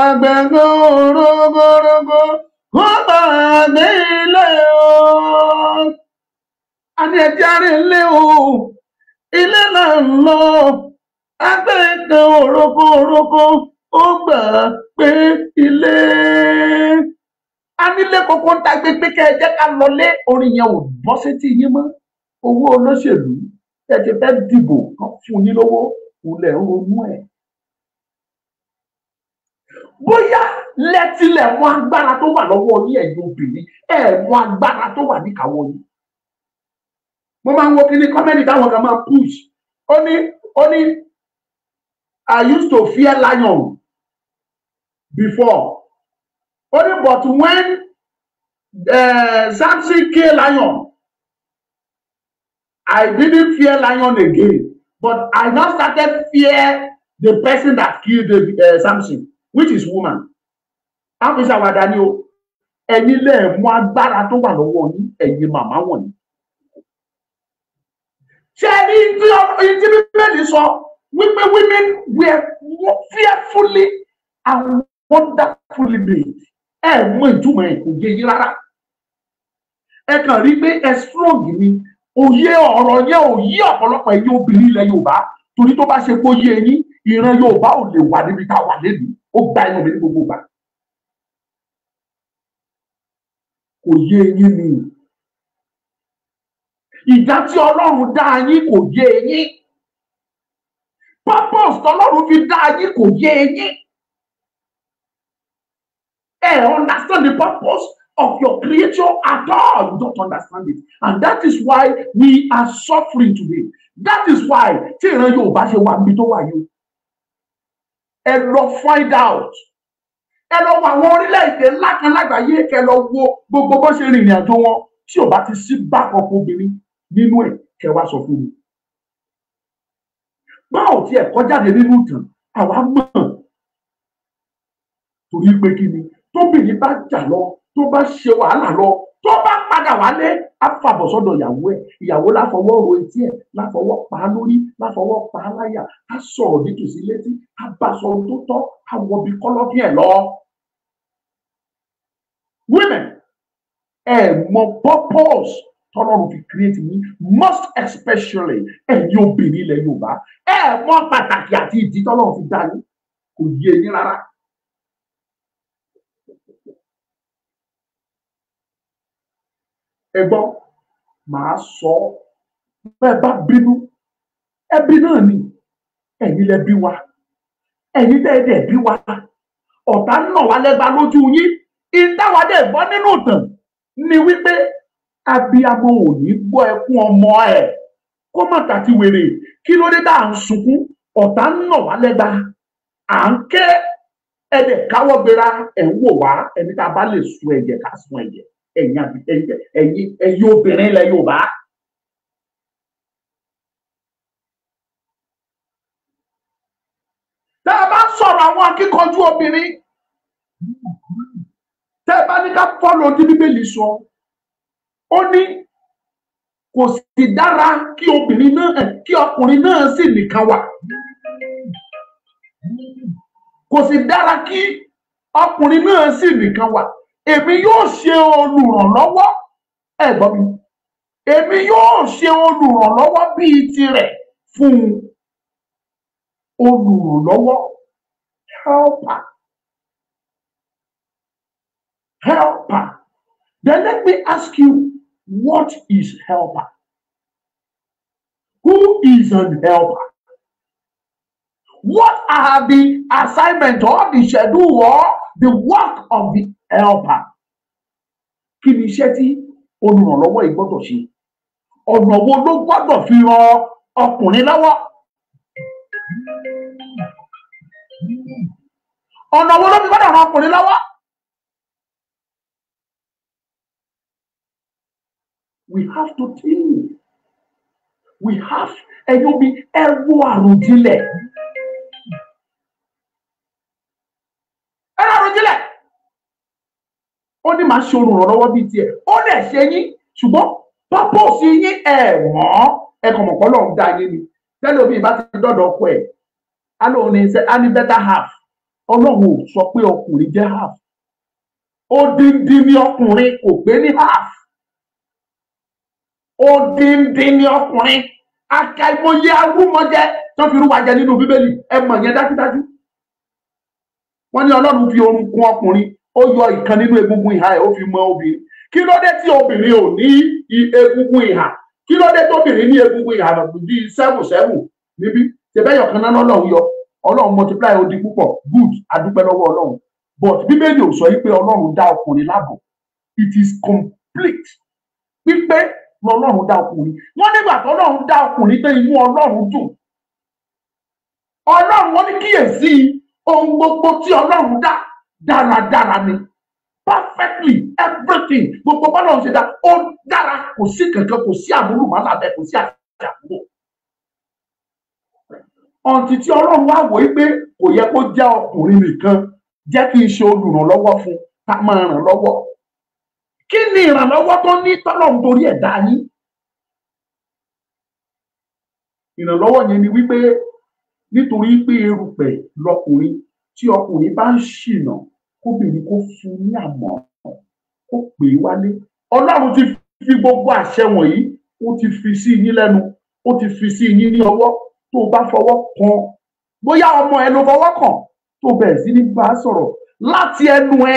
àgbẹ̀gbẹ̀ òrógórógó kó bá dé ilé o. a ní ẹ lé o ilé ó gbà pé ilé. anílé kókó ń ta gbégbé kẹ ẹ jẹ́ ká lọlé orin yẹn ò bọ́ sétí yín mọ́ owó olóṣèlú tẹ ti fẹ́ dìbò kan fún yín lówó òlẹ ń ronú ẹ bóyá lẹtìlẹ mọ agbára tó wà lọ́wọ́ yín ẹ̀yin obìnrin ẹ mọ agbára tó wà níkàáwọ́ yín mo máa ń wo kíní kọ́mẹ́ntì táwọn kan máa push ó ní ó ní I used to fear lion before ó but when uh, Samson kill lion I didn't fear lion again but I now started fear the person that killed the, uh, Samson which is woman áfíìsì àwàdà ni o ẹ̀yin lẹ mú agbára tó wà lọ́wọ́ yín ẹ̀yin màmá wọ̀nyí ṣé ẹni tí bíbélì sọ wípé women were fearfully and wonderfully made ẹ mọ ìtumọ̀ ẹ̀ kò yé yín rárá ẹ kàn rí pé ẹ strong ni òye ọ̀rọ̀ yẹn ò yí ọ̀pọ̀lọpọ̀ ẹ̀yin obìnrin ilẹ̀ Yorùbá torí tó bá ṣe kó yé yín ìran Yorùbá ò lè wà níbi tá a wà lẹ́nu ó gba ẹnu mi ní gbogbo ìgbà kò yé yín ni ìdá tí Ọlọ́run dá yín kò yé yín purpose tọ́lọ́run fi dá yín kò yé yín and understand the purpose of your creator at all. You don't understand it. And that is why we are suffering today. That is why tí find out. Ẹ lọ àwọn orílẹ̀-èdè ńlá lágbàáyé kẹ wo gbogbo bó ṣe rìnrìn àjò wọn tí ò bá ti sí bákan fún obìnrin nínú ẹ̀ kẹ sọ fún mi. Báwo tí ẹ̀kọ́ jáde nínú ìtàn àwa mọ̀ torí pé kí ni tóbìnrin bá jà lọ tó bá ṣe wàhálà lọ tó bá padà wálé á fàbọ̀ sọ́dọ̀ ìyàwó ẹ̀ ìyàwó láfọwọ́ ro etí ẹ̀ láfọwọ́ pa á lórí láfọwọ́ pa á láyà á sọ̀rọ̀ nítòsí létí á bá sọ ohun tó tọ́ á wọbi kọ́lọ́bí ẹ̀ lọ. women ẹ mọ purpose tọ́lọ́run fi create me most especially ẹ̀yin obìnrin ilẹ̀ Yorùbá ẹ mọ pàtàkì àti ìdí tọ́lọ́run fi dá yín kò yé yín rárá. ẹ gbọ́ màá sọ ọ́ bẹ́ẹ̀ bá bínú ẹbí náà ni ẹ̀yin lẹ bí wa ẹ̀yin tẹ́ ẹ dẹ̀ bí wa ọ̀tá náà wà lẹ́gba lójú yín ìdáwà dẹ̀ gbọ́ nínú ìtàn ni wípé abiyamọ ò ní gbọ́ ẹkún ọmọ ẹ̀ kó má tàti wèrè kí ló dé tá à ń sunkún ọ̀tá náà wà lẹ́gba à ń ké ẹ̀dẹ̀ káwọ́ gbéra ẹ̀ ń wò wá ẹni tá a bá lè sun ẹ̀jẹ̀ ká sun ẹ̀jẹ̀ ẹ̀yin ẹ̀yin ẹ̀yin obìnrin ilẹ̀ Yorùbá. tẹ́ ẹ bá sọ̀rọ̀ àwọn akíkanjú obìnrin tẹ́ ẹ bá ní ká fọ́lọ̀ ọdún bíbélì sọ ó ní kò sì dára kí obìnrin náà kí ọkùnrin náà sì nìkan wà kò sì dára kí ọkùnrin náà sì nìkan wà èmi yóò ṣe olùrànlọ́wọ́ ẹ̀gbọ́n mi èmi yóò ṣe olùrànlọ́wọ́ bíi tirẹ̀ fún olùrànlọ́wọ́ helper helper then let me ask you what is helper who is an helper what are the assignment or the schedule or the work of the helper kí ni iṣẹ́ tí olùrànlọ́wọ́ yìí gbọ́dọ̀ ṣe ọ̀nà wo ló gbọ́dọ̀ fi ran ọkùnrin lọ́wọ́ ọ̀nà wo ló fi gbọ́dọ̀ ran ọkùnrin lọ́wọ́ we have to think we have ẹ̀yọ́ bíi ẹ wo àròjinlẹ̀. ó ní màá ṣe olùrànlọ́wọ́ bíi tiẹ̀ ó dẹ̀ ṣe yín ṣùgbọ́n pápọ̀sì yín ẹ̀ mọ́ ẹ kàn mọ̀ pọ́ lọ́hún dá yín ni tẹ́lẹ̀ omi ìbá ti dọ́dọ̀ ọkọ ẹ̀ á lóun ní ṣe á ní better half ọlọ́run ò sọ pé ọkùnrin jẹ́ half odindi ni ọkùnrin kò gbé ní half odindi ni ọkùnrin akaimoye arúmọjẹ tó fi rúwa jẹ nínú bíbélì ẹ mọ̀ yẹn dájúdájú wọ́n ní ọlọ́run fi orun kún ọkùnrin ó yọ ìkan nínú egungun ìhà ẹ̀ ó fi mọ obìnrin kí ló dé tí obìnrin ò ní egungun ìhà kí ló dé tóbìnrin ní egungun ìhà bíi sẹ́wù sẹ́wù níbí tẹ̀bẹ́yọ̀ kan náà lọ́lọ́run yọ ọlọ́run multiply odi púpọ̀ good adúpẹ́ lọ́wọ́ ọlọ́run but bíbélì ò sọ yìí pé ọlọ́run dá ọkùnrin láàbọ̀ it is complete pípé lọ́lọ́run dá ọkùnrin wọ́n nígbà tó ọlọ́run dá ọkùnrin pé inú ọlọ́run dùn ọlọ́run wọ́n ní kíyèsí ohun gbogbo tí ọlọ́run dá dáradára ni perfectly everything gbogbo bọ́lá ọ̀hún ṣe dá ó dára kò sí kankan kò sí àbúrò má làbẹ́ kò sí àjàkúrò ọ̀ǹtì tí ọlọ́run wá wòó pé kò yẹ kó jẹ́ ọkùnrin nìkan jẹ́ kí n ṣe olùrànlọ́wọ́ fún ká máa ràn lọ́wọ́ kí ni ìrànlọ́wọ́ tó ní tọ́lọ́run torí ẹ̀ dá yín ìrànlọ́wọ́ yẹn ni wípé nítorí pé erùpẹ̀ lọkùnrin tí ọkùnrin bá ń ṣìnà kóbìnrin kó fún ní àmọ̀ràn kó pè é wálé ọlọ́run ti fi gbogbo àṣẹ wọ̀nyí ó ti fi sí yín lẹ́nu ó ti fi sí yín ní ọwọ́ tó bá fọwọ́ kan bóyá ọmọ ẹ ló fọwọ́ kàn tó o sí ní bá a sọ̀rọ̀ láti ẹnu ẹ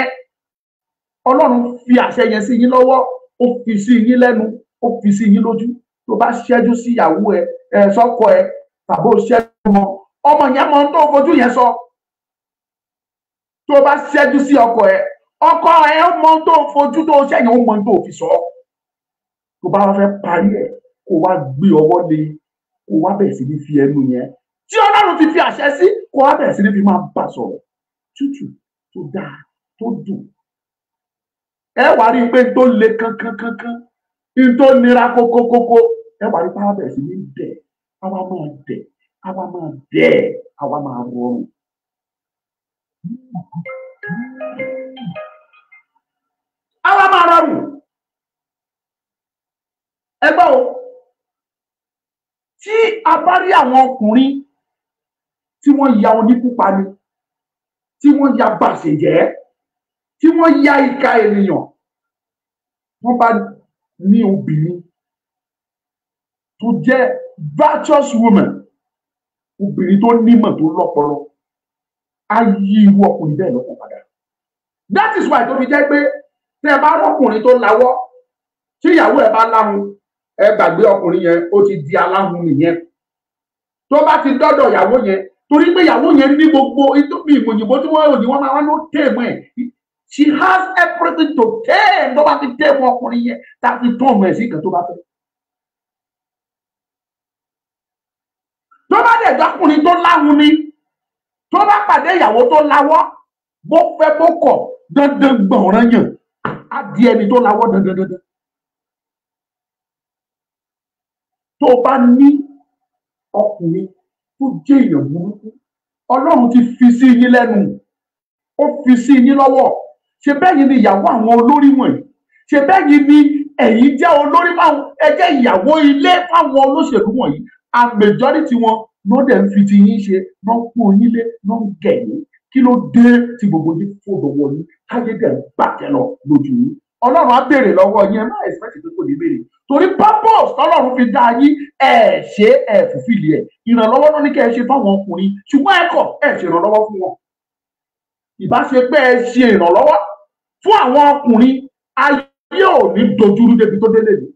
ọlọ́run fi àṣẹ yẹn sí yín lọ́wọ́ ó fi sí yín lẹ́nu ó fi sí yín lójú tó bá ṣẹ́jú sí ìyàwó ẹ ẹ sọ́kọ ẹ tàbí ó ṣẹ́jú ọmọ yẹn mọ ohun tó fojú yẹn sọ tó bá ṣẹ́jú sí ọkọ ẹ ọkọ ẹ mọ tó fojú tó ṣẹ̀yìn ó mọ tó fi sọ tó bá fẹ́ parí ẹ kó wá gbé ọwọ́ lé kó wá bẹ̀rẹ̀ sí ní fi ẹnu yẹn tí ọlọ́run ti fi àṣẹ sí kó wá bẹ̀rẹ̀ sí ní fi máa bà sọ̀rọ̀ tútù tó dáa tó dùn ẹ wá rí i pé tó le kankankankan ní tó nira kókókókó ẹ wá rí i pé wá bẹ̀rẹ̀ sí ní dẹ̀ àwa máa dẹ̀ àwa máa dẹ̀ àwa máa rọrùn ara máa ra wù ẹ gbọ́ o tí a bá rí àwọn ọkùnrin tí wọ́n ya oníkúpa ni tí wọ́n ya gbàṣẹ̀jẹ́ tí wọ́n ya ìka ènìyàn wọ́n bá ní obìnrin tó jẹ́ virtuous woman obìnrin tó nímọ̀ tó lọ́pọlọ á yí ọkùnrin bẹ́ẹ̀ lọ́kàn padà that is why tó fi jẹ́ pé tẹ́ ẹ bá rọ́kùnrin tó lawọ́ tí ìyàwó ẹ bá láhùn ẹ gbàgbé ọkùnrin yẹn ó ti di aláhùn nìyẹn tó bá ti dọ́dọ̀ ìyàwó yẹn torí pé ìyàwó yẹn ní gbogbo ìtòbí ìmọ̀yìnbó tí wọ́n ní wọ́n máa wá ló tẹ̀mọ́ ẹ̀ she has everything to tẹ̀ tó bá ti tẹ̀mọ́ ọkùnrin yẹn tàbí tán ọmọ ẹ̀ sí ìkan tó bá fẹ́. tó bá dẹ̀ dákùnrin tó láhùn ni tó bá pàdé ìyàwó tó lawọ́ bó fẹ́ bó kọ̀ dandan gbọ̀nràn yàn á di ẹni tó lawọ́ dandan dandan tó bá ní ọkùnrin tó jẹ́ èèyàn burúkú ọlọ́run ti fi sí yín lẹ́nu ó fi sí yín lọ́wọ́ ṣe bẹ́ẹ̀ yìí ni ìyàwó àwọn olórí wọ̀nyí ṣe bẹ́ẹ̀ yìí ni ẹ̀yin jẹ́ olórí fáwọn ẹ jẹ́ ìyàwó ilé fáwọn olóṣèlú wọ̀nyí and majority wọn ló dẹ̀ ń fi ti yín ṣe ló ń pọ́n yín lé ló ń gẹ̀ yín kí ló dé tí gbogbo yín fòdò wọlé táyé dẹ̀ ń bàjẹ́ lọ lójú yín ọlọ́run á béèrè lọ́wọ́ yín ẹ má expect pé kò ní béèrè torí purpose tọ́lọ́run fi dá yín ẹ ṣe ẹ fùfìlì ẹ ìrànlọ́wọ́ ló ní kẹ́ ẹ ṣe fáwọn ọkùnrin ṣùgbọ́n ẹ kọ̀ ẹ ṣe ìrànlọ́wọ́ fún wọn ìbáṣe pé ẹ ṣe ìrànlọ́wọ́ fún àwọn ọkùnrin ayé ò ní dojúrú débi tó délé ni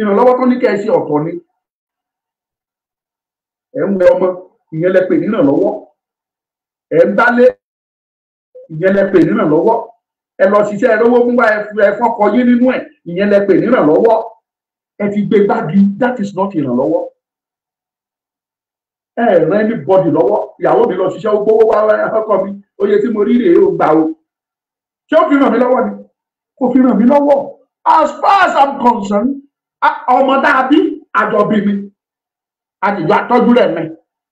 ìrànlọ́wọ́ tó ní kẹ́ ẹ ṣe ọ̀tọ̀ ni ẹ̀ ọmọ ìyẹn lẹ pè nínà lọ́wọ́ ẹ̀ ìyẹn lẹ pè nínà lọ́wọ́ ẹ lọ ṣiṣẹ́ ẹ fún wa ẹ yín nínú ẹ̀ ìyẹn lẹ pè nínà lọ́wọ́ ẹ ti gbé gbági that is not ìrànlọ́wọ́ ẹ ràn anybody lọ́wọ́ ìyàwó mi lọ ṣiṣẹ́ ó gbówó wá ọkọ mi oye tí mo rí rèé ó gbà o ṣé ó fi ràn mí lọ́wọ́ ni kò fi ràn mí lọ́wọ́ as far as i'm concerned ọmọ dàbí àjọbí mi àjèjọ àtọ́jú rẹ̀ mẹ́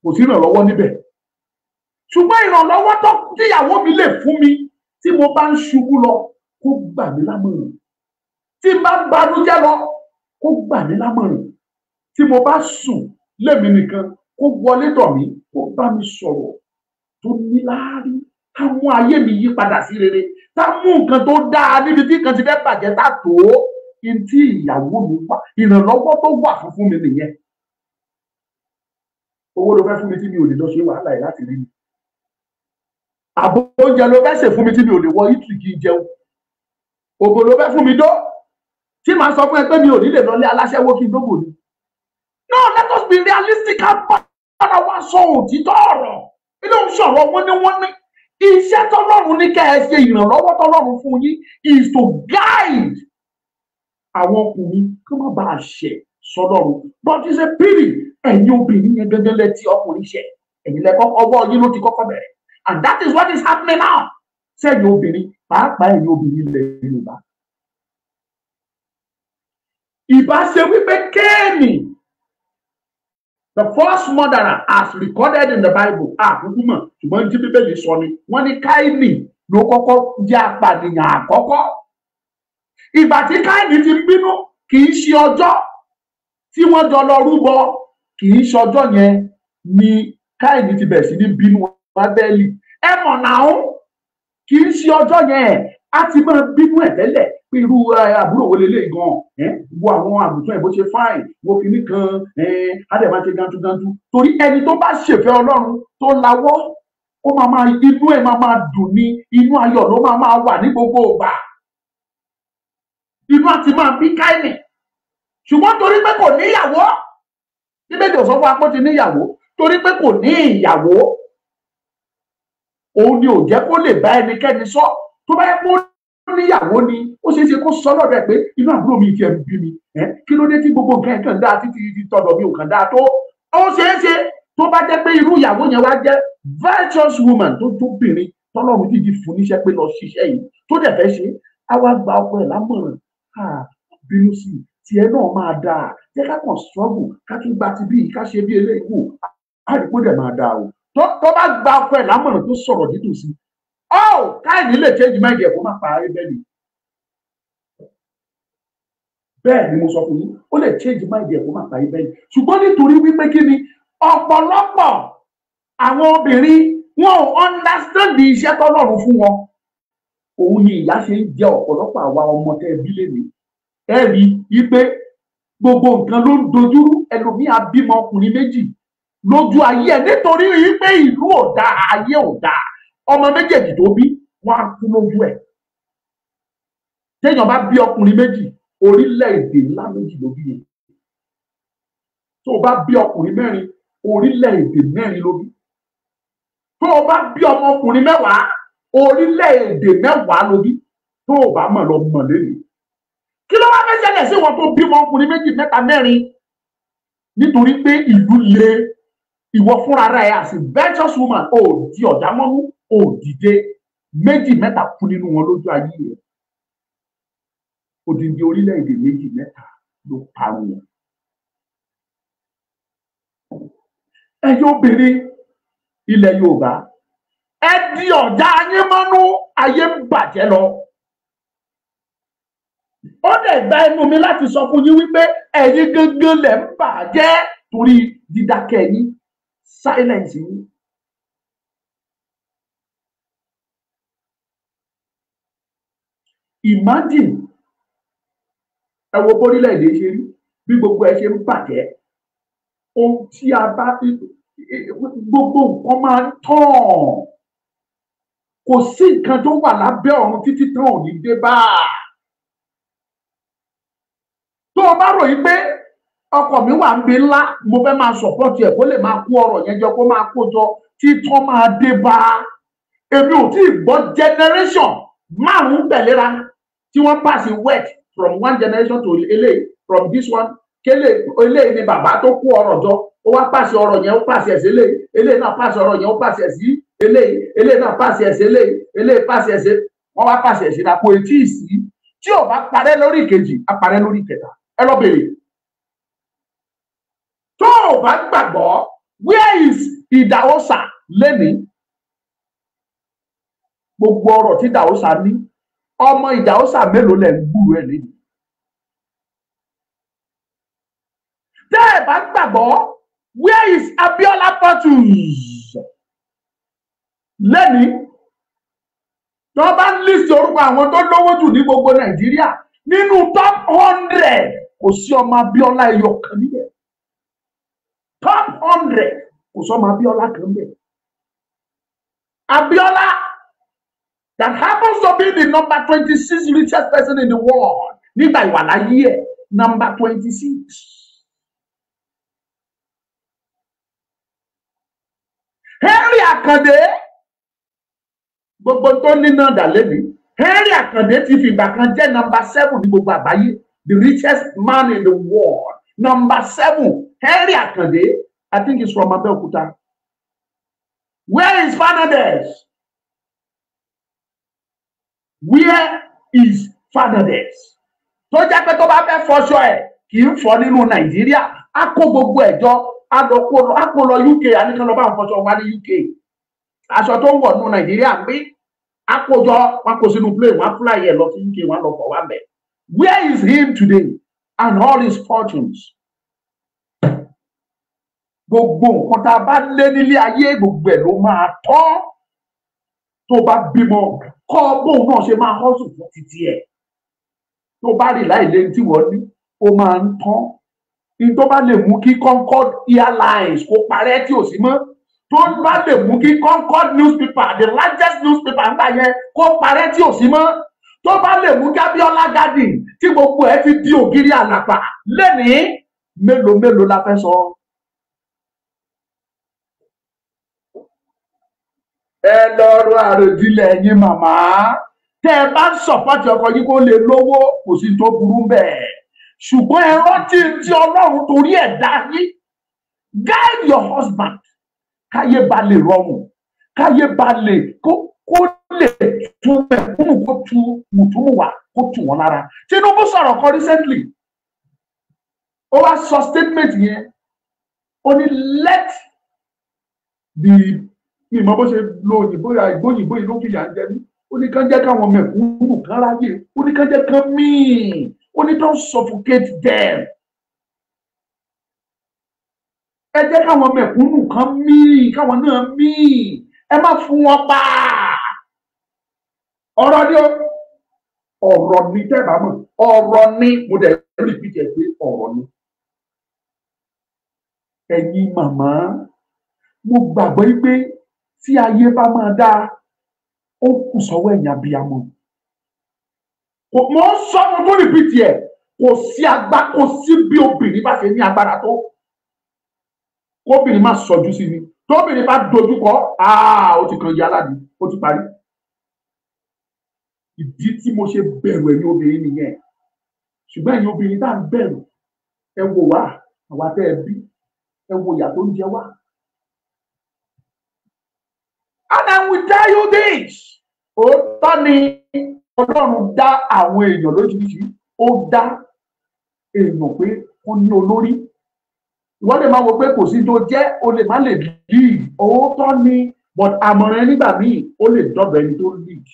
kò sí ìrànlọ́wọ́ níbẹ̀ ṣùgbọ́n ìrànlọ́wọ́ tó tíyàwó mi lè fún mi tí mo bá ń ṣubú lọ kó gbà mí lámọ̀ràn tí bá ń banújẹ́ lọ kó gbà mí lámọ̀ràn tí mo bá sùn lémi nìkan kó wọlé tọ̀ mí kó bá mi sọ̀rọ̀ tó ní láárí tá mú ayé mi yí padà sí rere tá mú nǹkan tó dáa níbi tí nǹkan ti fẹ́ bàjẹ́ tá tó kí n tí ìyàwó mi wá ìrànlọ́wọ́ tó wà fún fún mi nìyẹn owó ló fẹ́ fún mi tí mi ò lè lọ ṣe wàhálà yìí láti rí mi àbò oúnjẹ ló fẹ́ ṣe fún mi tí mi ò lè wọ italy kì í jẹun òbò ló fẹ́ fún mi dó tí màá sọ fún ẹ pé mi ò ní lè lọ lé kí n dógò ni no let us be realistic abára wa sọ òtítọ́ ọ̀rọ̀ ilé ń sọ̀rọ̀ wọ́n ní wọ́n ní iṣẹ́ tọ́lọ́run ní kẹ́ ẹ ṣe ìrànlọ́wọ́ tọ́lọ́run fún yín is to guide àwọn ọkùnrin kí wọ́n bá a ṣẹ̀ sọlọ́run but it's a pity ẹ̀yin obìnrin yẹn dandan lẹ́tí ọkùnrin ṣe ẹ̀yin lẹ́kọ́ ọwọ́ yín ló ti kọ́kọ́ bẹ̀rẹ̀ and that is what is happening now sẹ́yìn obìnrin pàápàá ẹ̀yin obìnrin ilẹ̀ Yorùbá. ìbáṣe wípé Kéènì the first murderer as recorded in the Bible àkúkú mọ̀ ṣùgbọ́n tí Bíbélì sọ ni wọ́n ní Káínì ló kọ́kọ́ jẹ́ apànìyàn àkọ́kọ́ ìgbà tí Káínì ti bínú kì í ṣe ọjọ́ tí wọ́n jọ lọ rúbọ kì í ṣọjọ́ yẹn ni káìní ti bẹ̀rẹ̀ sí ní bínú abẹ́lì ẹ mọ̀ náà kì í ṣe ọjọ́ yẹn á ti máa bínú ẹ̀ tẹ́lẹ̀ pé irú eh, àbúrò wo lélẹ̀ gan eh, wo àwọn àgùntàn ẹ̀ bó ṣe fáìn wo kìíní kan á eh, dẹ̀ máa ṣe gantugantu torí ẹni tó bá ṣèfẹ́ ọlọ́run tó lawọ́ ó máa máa inú ẹ̀ máa máa dùn ní inú ayọ̀ ló máa máa wà ní gbogbo ìgbà inú àti máa bí káìní ṣùgbọ́n torí pé kò níyàwó bíbélì ò sọ fún apó ti níyàwó torí pé kò ní ìyàwó òun ni ò jẹ́ kó lè bá ẹnikẹ́ni sọ tó bá yẹ kó níyàwó ni ó ṣeé ṣe kó sọ lọ́dọ̀ ẹ̀ pé inú àbúrò mi ti ẹ̀rù bí mi ẹ̀ kí ló dé tí gbogbo nǹkan ẹ̀kan dáa títí di tọ̀dọ̀ mi ò kàn dáa tó ó ṣeé ṣe tó bá jẹ́ pé irú ìyàwó yẹn wá jẹ́ virtuous woman tó tóbìnrin tọ́lọ́run dídí fún níṣẹ́ pé lọ ṣiṣẹ́ yìí tó dẹ̀ fẹ́ ṣe á wá gba ọkọ ẹ̀ lámọ̀ràn bínú sí i tiẹ̀ náà máa dáa jẹ́ ká kàn struggle ká tún gba ti bíi ká ṣe bí eléyìí wò á rí kó dẹ̀ máa dáa o tó bá gba ọkọ ẹ̀ lámọ̀ràn tó sọ̀rọ̀ dídùn sí ọ káyìí lè change mind ẹ̀ kó má pa ayé bẹ́ẹ̀ ni bẹ́ẹ̀ ni mo sọ fún yín ó lè change mind ẹ̀ kó má pa ayé bẹ́ẹ̀ ni ṣùgbọ́n nítorí wípé kí ni ọ̀pọ̀lọpọ̀ àwọn obìnrin wọn ò understand iṣẹ́ tọ́lọ́run fún wọn òun ni ìyá ṣe ń jẹ ọ̀pọ̀lọpọ̀ àwa ọmọ tẹ́ bí lè ní ẹ rí i pé gbogbo nǹkan ló ń dojúrú ẹlòmíà bímọ ọkùnrin méjì lójú ayé ẹ nítorí yìí pé ìlú ò dáa ayé ò dáa ọmọ méjèèjì tó bí wọn á kú lójú ẹ téèyàn bá bí ọkùnrin méjì orílẹ̀-èdè ńlá méjì ló bí yẹn tó o bá bí ọkùnrin mẹ́rin orílẹ̀-èdè mẹ́rin ló bí tó o bá bí ọmọkùnrin mẹ́wàá orílẹ̀-èdè mẹ́wàá ló bí tó o bá mọ̀ lọ mọ̀ lẹ́yìn kí ló wá fẹ́ ṣẹlẹ̀ sí wọn tó bímọ ọkùnrin méjì mẹ́ta mẹ́rin nítorí pé ìlú le ìwọ fúnra rẹ as a virtuous woman ò di ọ̀dà mọ́mú ò dìde méjì mẹ́ta kú nínú wọn lójú ayé rẹ odindi orílẹ̀-èdè méjì mẹ́ta ló parun wọn. ẹ̀yin obìnrin ilẹ̀ Yorùbá ẹ di ọ̀dà yín mọ́nú ayé ń bàjẹ́ lọ ó dẹ̀ gba ẹnu mi láti sọ fún yín wípé ẹ̀yin gangan lẹ̀ ń bà jẹ́ torí dídákẹ́ yín silence yín. imagine ẹ wo bórílẹ̀-èdè ṣe rí bí gbogbo ẹ ṣe ń bàjẹ́ ohun tí a bá gbogbo nǹkan máa ń tàn kò sí nǹkan tó wà lábẹ́ ọ̀run títí tán ò ní dé báà o bá rò yí pé ọkọ mi wà ń bi ńlá mo fẹ́ máa sọ̀pọ̀tì ẹ̀ kó lè máa kó ọrọ̀ yẹn jọ kó máa kó jọ títọ́ máa dé bá a èmi ò tí ì gbọ́ generation márùn-ún tẹ̀léra tí wọ́n pass wet from one generation to eléyìí from this one kélé eléyìí ni bàbá tó kó ọrọ̀ jọ ó wá pass ọrọ̀ yẹn ó pass ẹ̀ sí eléyìí eléyìí náà pass ọrọ̀ yẹn ó pass ẹ̀ sí eléyìí eléyìí náà pass ẹ̀ sí eléyìí eléyìí pass ẹ̀ sí wọ́n wá pass ẹ̀ sí dàpọ̀ etí ìsí tí ò bá parẹ́ lórí ìkejì á parẹ́ lórí ìkẹta ẹ lọ bèrè tó o bá gbàgbọ́ where is ìdáwọ́sà lẹ́nìí gbogbo ọ̀rọ̀ tí ìdáwọ́sà ní ọmọ ìdáwọ́sà mélòó lẹ̀ ń gbúrú ẹ̀ lẹ́yìn tẹ́ ẹ bá gbàgbọ́ where is Abiola Portus lẹ́nìí tó bá ń list orúkọ àwọn tó lówó jù ní gbogbo Nàìjíríà nínú top hundred kò sí ọmọ Abíọ́lá ẹyọ kan níbẹ̀ top hundred kò sọmọ Abíọ́lá kan níbẹ̀ Abíọ́lá that happens to be the number twenty six richest person in the world nígbà ìwàláyé ẹ̀ number twenty six. Henry Akande gbogbo tó ní náà dà lẹ́nu Henry Akande ti fìgbà kan jẹ́ number seven ní gbogbo àgbáyé the richest man in the world. Number seven, Henry Akande, I think he's from Abeokuta. Where is Fernandez? Where is Fernandez? Tó jẹ́ pé tó bá fẹ́ fọṣọ ẹ̀ kì í fọ nínú Nàìjíríà, a kó gbogbo ẹ̀jọ́, a kó lọ UK, a ní kí lọ bá ń fọṣọ wá ní UK. Aṣọ tó ń wọ̀ nínú Nàìjíríà ń gbé, a kó jọ, wọn kó sínú plane, wọn á fúláyẹ̀ lọ sí UK, wọn á lọ fọ̀ wá bẹ̀. Where is him today and all his fortunes? Gbogbo nǹkan tá a bá lé nílé ayé gbogbo ẹ̀ ló máa tán tó bá bímọ kọ́ bóun náà ṣe máa hustle fún títí ẹ̀. Tó bá rí láìlé tí wọ́n ní, ó máa ń tán. Ní tó bá lè mú kí Concord Airlines kó parẹ́ tí ò sí mọ́ tó bá lè mú kí Concord newspaper the largest newspaper ńgbà yẹn kó parẹ́ tí ò sí mọ́ tó bá lè mú Abiola Garden tí gbogbo ẹ fi di ògiri àlàpà lẹ́nìí mélòó mélòó la fẹ́ sọ. ẹ lọ rọ àròjinlẹ̀ yín màmá tẹ ẹ bá ń sọpọ́tì ọkọ yín kó lè lówó kò sí tó burú bẹ́ẹ̀ ṣùgbọ́n ẹ rántí tí Ọlọ́run torí ẹ̀ dá yín guide your husband káyé ba lè rọrùn káyé ba lè kó lè tú mẹ̀kúnnù kó tu mùtúmù wá kó tù wọ́n lára Tinubu sọ̀rọ̀ kan recently ó wá sọ statement yẹn ó ní let the ìmọ̀ bó ṣe lo òyìnbó ìgbóyìnbó yìí ló fi yà ń jẹ mí ó ní kán jẹ́ káwọn mẹ̀kúnnù kan ráyè ó ní kán jẹ́ kán míì ó ní don't suffocate them ẹ jẹ́ káwọn mẹ̀kúnnù kan míì káwọn náà míì ẹ má fún wọn pa ọ̀rọ̀ ni ó ọ̀rọ̀ ni tẹ́bà mọ̀ ọ̀rọ̀ ni mo dẹ̀ rí píjẹ pé ọ̀rọ̀ ni. ẹ̀yin màmá mo gbàgbọ́ pé tí ayé bá máa dáa ó kù sọ́wọ́ ẹ̀yìn abiyamọ. mo ń sọ mo tó rí píjẹ kò sí agbá kò sí bí obìnrin bá ṣe ní agbára tó kóbìnrin má sọjú sí ni tóbìnrin bá dojú kọ ó ti kàn yá aládìí ó ti parí ìdí tí mo ṣe bẹ̀rù ẹ̀yin obìnrin nìyẹn ṣùgbọ́n ẹ̀yin obìnrin tá à ń bẹ̀rù ẹ wò wá àwa tẹ́ ẹ bí ẹ wò ìyà tó ń jẹ wá. and I will tell you this òótọ́ ni ọlọ́run dá àwọn èèyàn lójijì ó dá èèyàn pé wọ́n ní olórí wọ́n lè máa wọ pé kò sí tó jẹ́ o lè má lè lead òótọ́ ni but àmọ̀ràn nígbà míì ó lè dọ̀bẹ̀ ẹni tó lead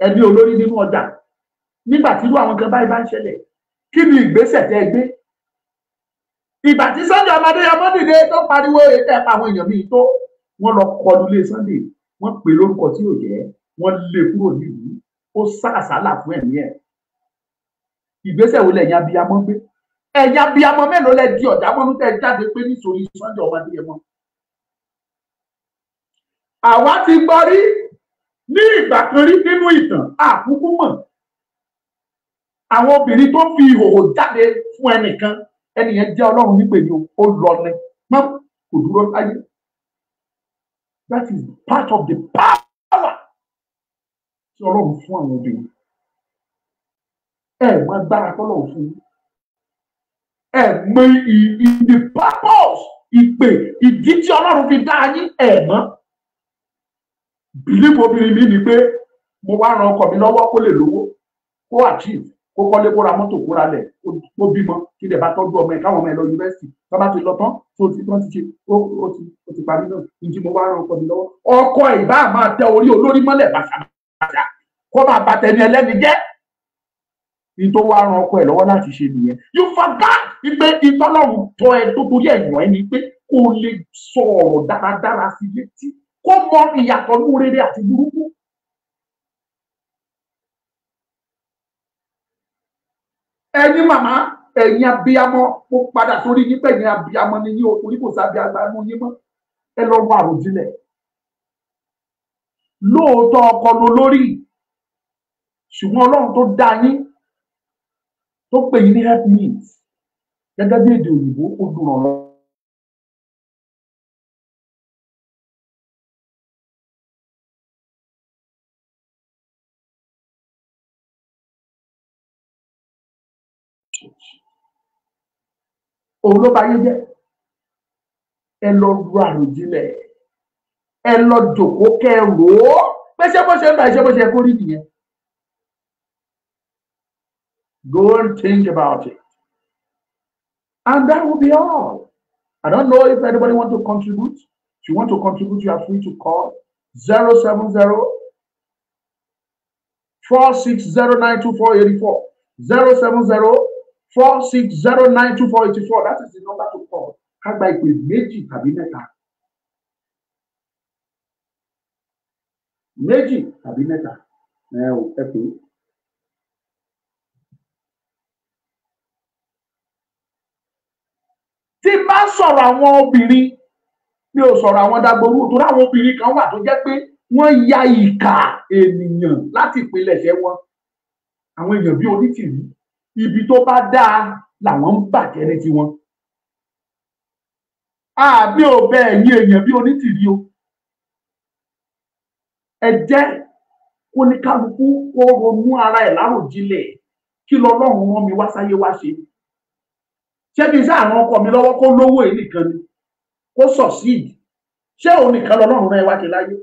ẹni olórí nínú ọjà nígbà tí irú àwọn kan báyìí bá ń ṣẹlẹ̀ kí ni ìgbésẹ̀ tẹ́ ẹ gbé ìgbà tí Sunday ọmọdé ọmọ dìde tó pariwo ètò ẹ̀pà àwọn èèyàn míì tó wọ́n lọ kọlu ilé Sunday wọ́n pè lórúkọ tí yóò jẹ́ wọ́n lé e kúrò nílùú ó sàásàálà fún ẹ̀mí ẹ̀ ìgbésẹ̀ wo lẹ̀yin abiyamọ gbé ẹ̀yin abiyamọ mélòó lẹ di ọ̀dàmọ́nú tẹ́ jáde pé nítorí Sunday ọmọdé ẹ̀ mọ́ àwa ti gbọ́ rí ní ìgbà kan rí nínú ìtàn àkúkú mọ̀ àwọn obìnrin tó fi ìhòòhò jáde fún ẹnìkan ẹnìyẹn jẹ́ ọlọ́run nípè ní ó lọ ni má kò dúró láyé that is part of the power tí ọlọ́run fún àwọn obìnrin ẹ mọ agbára tọ́lọ́run fún yín ẹ mọ ìdí purpose ìpè ìdí tí ọlọ́run fi dá yín ẹ mọ́ bìlífù obìnrin mi ni pé mo wá ran ọkọ mi lọ́wọ́ kó lè lówó kó achieve kó kọ́lé kó ra mọ́tò kó ra lẹ̀ kó bímọ kí lè bá tọ́jú ọmọ ẹ̀ káwọn ọmọ ẹ̀ lọ yunifásitì tó bá ti lọ tán tó ti tán ti ṣe ó ti ó ti parí náà ìdí mo wá ran ọkọ mi lọ́wọ́ ọkọ ìbá máa tẹ orí olórí mọ́lẹ̀ bàtàbàtà kó máa bàtà ẹni ẹlẹ́ni jẹ́ ìtò wa ran ọkọ ẹ̀ lọ́wọ́ láti ṣe nìyẹn you forget pé ìtọ́lọ́run tọ́ ẹ tó torí ẹ̀yàn ẹni pé kó lè sọ ó mọ ìyàtọ̀ ní rere àti burúkú. ẹ̀yin màmá ẹ̀yin abiyamọ mo padà sórí yín pé ẹ̀yin abiyamọ ni yín o torí kò sábẹ agbára yín mọ́ ẹ lọ wọ àròjinlẹ̀ lóòótọ́ ọkọ ló lórí ṣùgbọ́n Ọlọ́run tó dá yín tó pè yín ní help me gẹ́gẹ́ bí èdè òyìnbó olùrànlọ́wọ́. òun ló bá yé jẹ́ ẹ lọ ru àròjinlẹ̀ ẹ lọ jòkó kẹ ó pé ṣé bó ṣe ń bá ṣe bó ṣe kó rí nìyẹn go and think about it and that will be all i don't know if anybody want to contribute if you want to contribute you are free to call zero seven zero four six zero nine two four eighty four zero seven zero four six zero nine two four eighty four that is the number to call ká gba ìpè méjì tàbí mẹ́ta méjì tàbí mẹ́ta ẹ ò ẹ pè é. tí bá sọ̀rọ̀ àwọn obìnrin mi ò sọ̀rọ̀ àwọn dagboru torí àwọn obìnrin kan wà tó jẹ́ pé wọ́n ya ìka ènìyàn láti ìpilẹ̀ṣẹ̀ wọn àwọn èèyàn bí onítìrí ibi tó bá dáa làwọn ń bàjẹ́ ní tiwọn. àbí ò bẹ ẹ̀yin èèyàn bí onítìrí o ẹ jẹ́ kó ní kálukú kó ronú ara ẹ̀ láròjinlẹ̀ kí lọ́lọ́run rán mi wá sáyé wá ṣe ṣé kí n ṣe àrùn ọkọ mi lọ́wọ́ kó lówó yìí nìkan ni kó sọ̀síìdì ṣé òun nìkan lọ́lọ́run rán ẹ wá ṣe láyé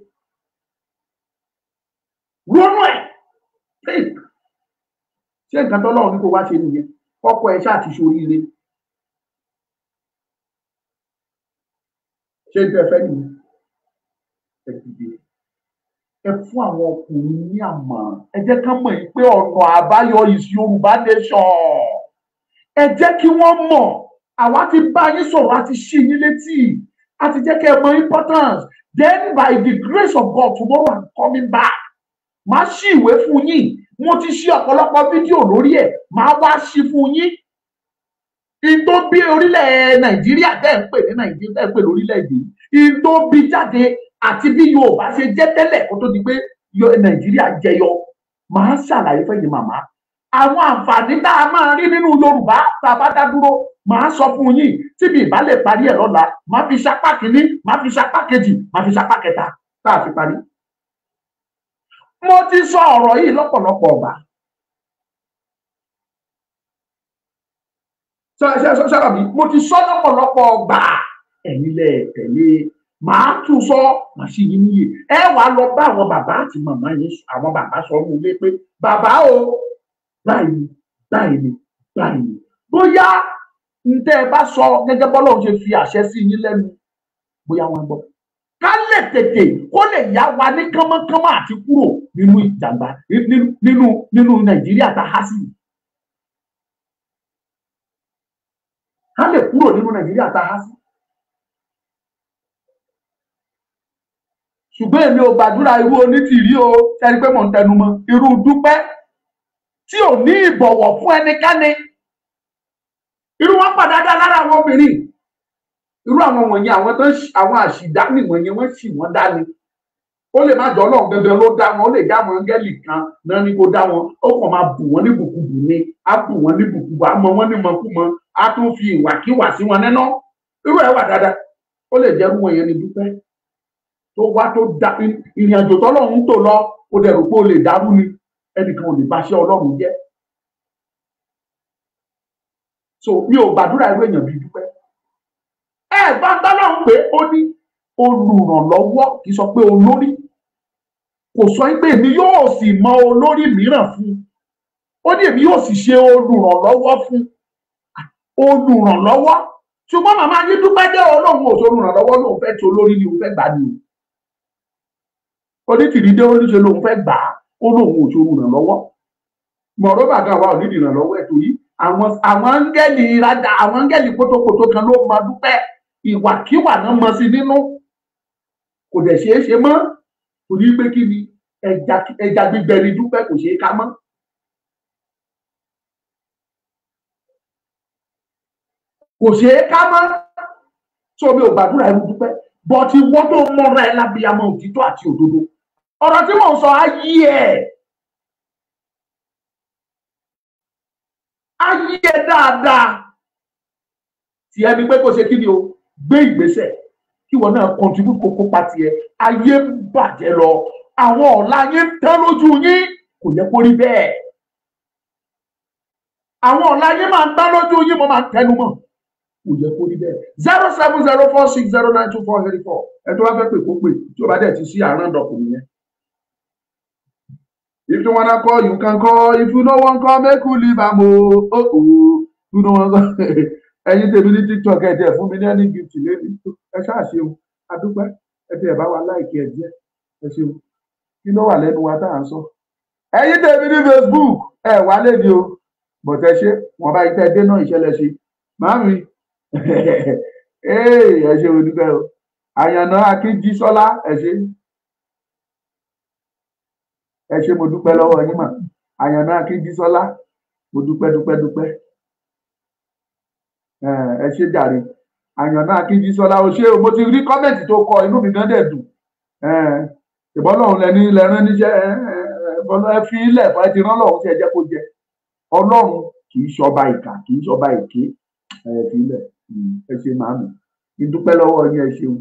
ronú ẹ̀ pèk ṣé nǹkan tọ́lọ́run ní kó wá ṣe nìyẹn ọkọ ẹ ṣáà ti ṣoríire ṣé ibi ẹ̀fẹ́ nìyẹn ẹ dìde ẹ fún àwọn ọkùnrin ní àmọ̀ràn ẹ jẹ́ ká mọ̀ pé ọ̀nà àbáyọ is Yorùbá nation ẹ jẹ́ kí wọ́n mọ̀ àwa ti bá yín sọ̀rọ̀ àti ṣí yín létí àti jẹ́ kẹ́ ẹ mọ importance then by the grace of God tomorrow I'm coming back màá ṣí ìwé fún yín mo ti ṣe ọ̀pọ̀lọpọ̀ fídíò lórí ẹ̀ máa wá sí fún yín ìtò bí orílẹ̀ nàìjíríà tẹ́ ń pè ní nàìjíríà tẹ́ ń pè lórílẹ̀‐èdè ìtò bí jáde àti bí yorùbá ṣe jẹ́ tẹ́lẹ̀ kó tó di pé nàìjíríà jẹyọ máa ń ṣàlàyé fẹ́yìn màmá àwọn àǹfààní tá a máa rí nínú yorùbá tá a bá dá dúró máa sọ fún yín tíbi ìbá lè parí ẹ̀ lọ́la máa fi sapá kínní máa fi sapá kejì máa fi sapá kẹta tá a fi parí mo ti sọ ọ̀rọ̀ yìí lọ́pọ̀lọpọ̀ ọgbà sọ̀rọ̀ mi mo ti sọ lọ́pọ̀lọpọ̀ ọgbà ẹ̀yin lẹ tẹ̀lé màá tún sọ màá sì yín níyì ẹ wà lọ bá àwọn bàbá àti màmá yẹn àwọn bàbá sọ mú lé pé bàbá o báyìí báyìí báyìí bóyá ntẹ ẹ bá sọ gẹ́gẹ́ bọlọ ṣe fi àṣẹ sí yín lẹ́nu bóyá wọn gbọ́ ká lè tètè kó lè yá wa ní kánmọ́kánmọ́ àti kúrò nínú ìjàmbá nínú nínú nàìjíríà tá a há sí. a lè kúrò nínú nàìjíríà tá a há sí. ṣùgbọ́n èmi ò gbàdúrà irú onítìrí o ṣẹ́ni pé mò ń tẹnu mọ́ irú dúpẹ́ tí ò ní ìbọ̀wọ̀ fún ẹnikẹ́ni irú wọn pàdádá lára àwọn obìnrin irú àwọn wọ̀nyí àwọn àṣìdá nìwọ̀nyí wọ́n sì wọ́n dá ni ó lè má jọ ọlọ́run gangan ló dá wọn ó lè dá wọn áńgẹ́lì kan náà ni kó dá wọn ó kàn máa bù wọn ní bùkúbù ni á bù wọn ní bùkúbù á mọ wọn ní mọkúmọ á tún fi ìwàkíwà sí wọn nínú irú ẹ̀ wà dáadáa ó lè jẹ́rú wọn yẹn ní dúpẹ́ tó wá tó da ìrìn àjò tọ́lọ́run tó lọ kó dẹ̀rù pé ó lè dàrú ni ẹnìkan ò lè bá ṣe ọlọ́run jẹ́ so mi ò gbàdúrà irú èèyàn bíi dúpẹ́ ẹ bá tọ́lọ́run pé ó ní olùrànlọ́wọ́ kì í sọ pé olórí kò sọ pé èmi yóò sì mọ olórí mìíràn fún ó ní èmi yóò sì ṣe olùrànlọ́wọ́ fún olùrànlọ́wọ́ ṣùgbọ́n màmá yín dúpẹ́ dé ọlọ́run òṣò olùrànlọ́wọ́ lòun fẹ́ ti olórí ni òun fẹ́ gbà ni o onítìrí dé oníṣe lòun fẹ́ gbà á ó lóun òṣò olùrànlọ́wọ́ mọ̀rọ́ bàgà wa ò ní ìrànlọ́wọ́ ẹ̀ torí àwọn àwọn áńgẹ́lì rádà àwọn áńgẹ́lì kótókótó kan ló mọ dúpẹ́ ìwàkiwà náà mọ sí nínú kò dẹ̀ ṣeé ṣe mọ́ torí pé kí ni ẹja ẹja gbígbẹ ni dúpẹ́ kò ṣeé ká mọ́. kò ṣeé ká mọ́ tí omi ò gbàdúrà ẹrú dúpẹ́ bọ́tí wọ́n tó mọ́ra ẹ lábíyamọ òtítọ́ àti òdodo ọ̀rọ̀ tí mò sọ á yí ẹ̀ ẹ dáadáa tí ẹni pé kò ṣe kí ni o gbé ìgbésẹ̀ kí wọn náà contribute kó kópa tiẹ̀ ayé bàjẹ́ lọ àwọn ọ̀la yín tán lójú yín kò yẹ kó rí bẹ́ẹ̀ àwọn ọ̀la yín máa ń tán lójú yín mo máa ń tẹnu mọ́ kò yẹ kó rí bẹ́ẹ̀ zero seven zero four six zero nine two four three four ẹ tó bá fẹ́ pè kó pè tí o bá dẹ̀ ti sí àárín ọ̀dọ̀kùnrin yẹn. If you wanna call, you can call. If you no wan call, make you leave am o. Oh you no wan call. Ẹ̀yin tèmi ní TikTok ẹ jẹ́ fún mi ní ẹni gift lẹ́nu. Ẹ ṣáà ṣeun, adúpẹ́, ẹ ti ẹ̀ bá wa láìkí ẹ jẹ́, ẹ ṣeun kí ló wà lẹ́nu wa tá à ń sọ ẹ̀yin tèmi ní Facebook ẹ wà lẹni o bọtẹ ṣe wọn bá ìtẹ dé náà ìṣẹ̀lẹ̀ ṣe màmí ẹ ṣe onígbẹ o àyànná akínjísọlá ẹ ṣe ẹ ṣe mo dúpẹ́ lọ́wọ́ yín mà àyànná akínjísọlá mo dúpẹ́ dúpẹ́ dúpẹ́ ẹ ṣe jàre àyànná akínjísọlá o ṣe o mo ti rí kọ́mẹ̀ntì tó kọ inú mi gan dẹ̀ dùn ìbọn lọ́run lẹni lẹran níjẹ ẹ ẹ fi ilẹ̀ bá ti rán lọ́run tí ẹ jẹ́ kó jẹ ọlọ́run kì í ṣọba ìkà kì í ṣọba èké ẹ fi ilẹ̀ hmm, ẹ ṣe máa mi ìdúpẹ́ lọ́wọ́ yín ẹ ṣeun.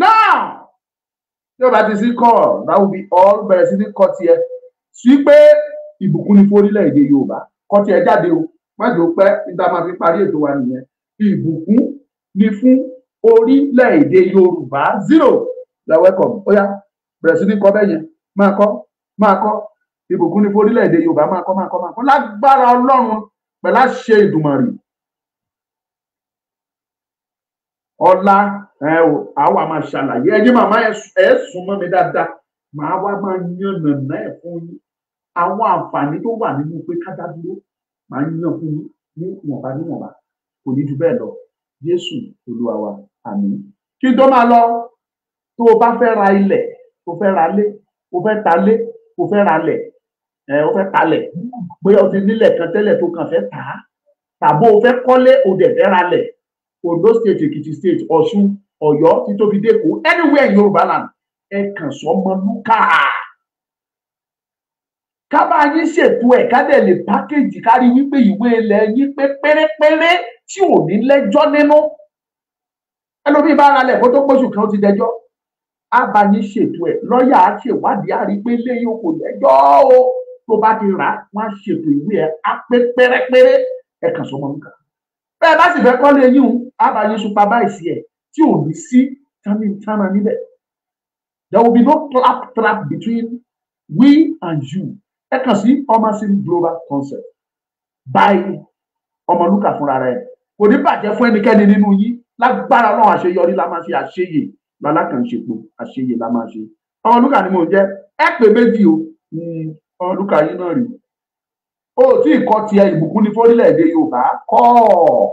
now tí o bá ti sí kọ́ that will be all bẹ̀rẹ̀ sí ní kọ́ tiẹ̀ sí pé ìbùkún ni fún orílẹ̀-èdè yorùbá kọ́ tiẹ̀ jáde o mọ́jọ pẹ́ níta máa fi parí ètò wa nìyẹn ìbùkún ni fún orílẹ̀-èdè yorùbá zero welcome ó Oh, yeah bẹ̀rẹ̀ sí ní kọ́ bẹ́yẹn máa kọ́ máa kọ́ ìbùkún ní forílẹ̀-èdè yorùbá máa kọ́ máa kọ́ máa kọ́ lágbára ọlọ́run pẹ̀lú àṣẹ ìdùmọ̀rì ọlá àwa máa ṣàlàyé ẹ̀yin màmá ẹ̀ sùn mọ́ mi dáadáa màá wá máa yànnàná ẹ̀ fún yín àwọn àǹfààní tó wà nínú pé ká dá dúró màá yàn fún yín ní ìwọ̀nba níwọ̀nba kò ní ju bẹ́ẹ̀ lọ jésù olúwa wa àmín kí n tó máa lọ tó o bá fẹ́ ra ilẹ̀ o fẹ́ ra lé o fẹ́ ta lé o fẹ́ ra lẹ̀ ẹ o fẹ́ ta lẹ̀ bóyá o ti nílẹ̀ kan tẹ́lẹ̀ tó kàn fẹ́ tà á tàbó o fẹ́ kọ́lé o dẹ̀ fẹ́ ra lẹ̀ Ondo state Èkìtì state Ọ̀ṣun Ọ̀yọ́ títóbi dẹ́kọ̀ anywhere in Yorùbá land ẹ kàn sọmọ lúkà ká bá yín ṣètò ẹ̀ ká dẹ̀ lè pákéjì kárí wípé ìwé ilẹ̀ yín pé pérépéré tí ò ní lẹ́jọ́ nínú ẹlòmíì bá ara lẹ̀ kó tó pọ̀ṣù kan ó ti dẹjọ́ á ṣètò ẹ̀ lọ́ọ̀yà á ṣèwádìí á rí pé lẹ́yìn okò lẹ́jọ́ o tó bá ti rà wọ́n á ṣètò ìwé ẹ̀ á pé pérépéré ẹ̀ kàn sọmọ nǹkan bẹ́ẹ̀ bá sì fẹ́ kọ́ lẹ́yìn o á bá báyìí ẹ̀ tí ò ní sí tánitánà níbẹ̀ there will be no clap trap between we and you ẹ kàn sí ọmọsìn global concept by ọmọlúkà fúnra rẹ̀ kò ní bàjẹ́ fún ẹnikẹ́ni nínú yín lágbára ọlọ́run àṣeyọrí la máa fi àṣeyè lálàkànṣepọ̀ àṣeyè la máa ṣe Ọmọlúkà ni mò ń jẹ́ ẹ pé méjì o Ọmọlúkà yín náà rèé o tí ì kọ́ tiẹ̀ ìbùkún ní fórílẹ̀-èdè Yorùbá kọ́ ọ̀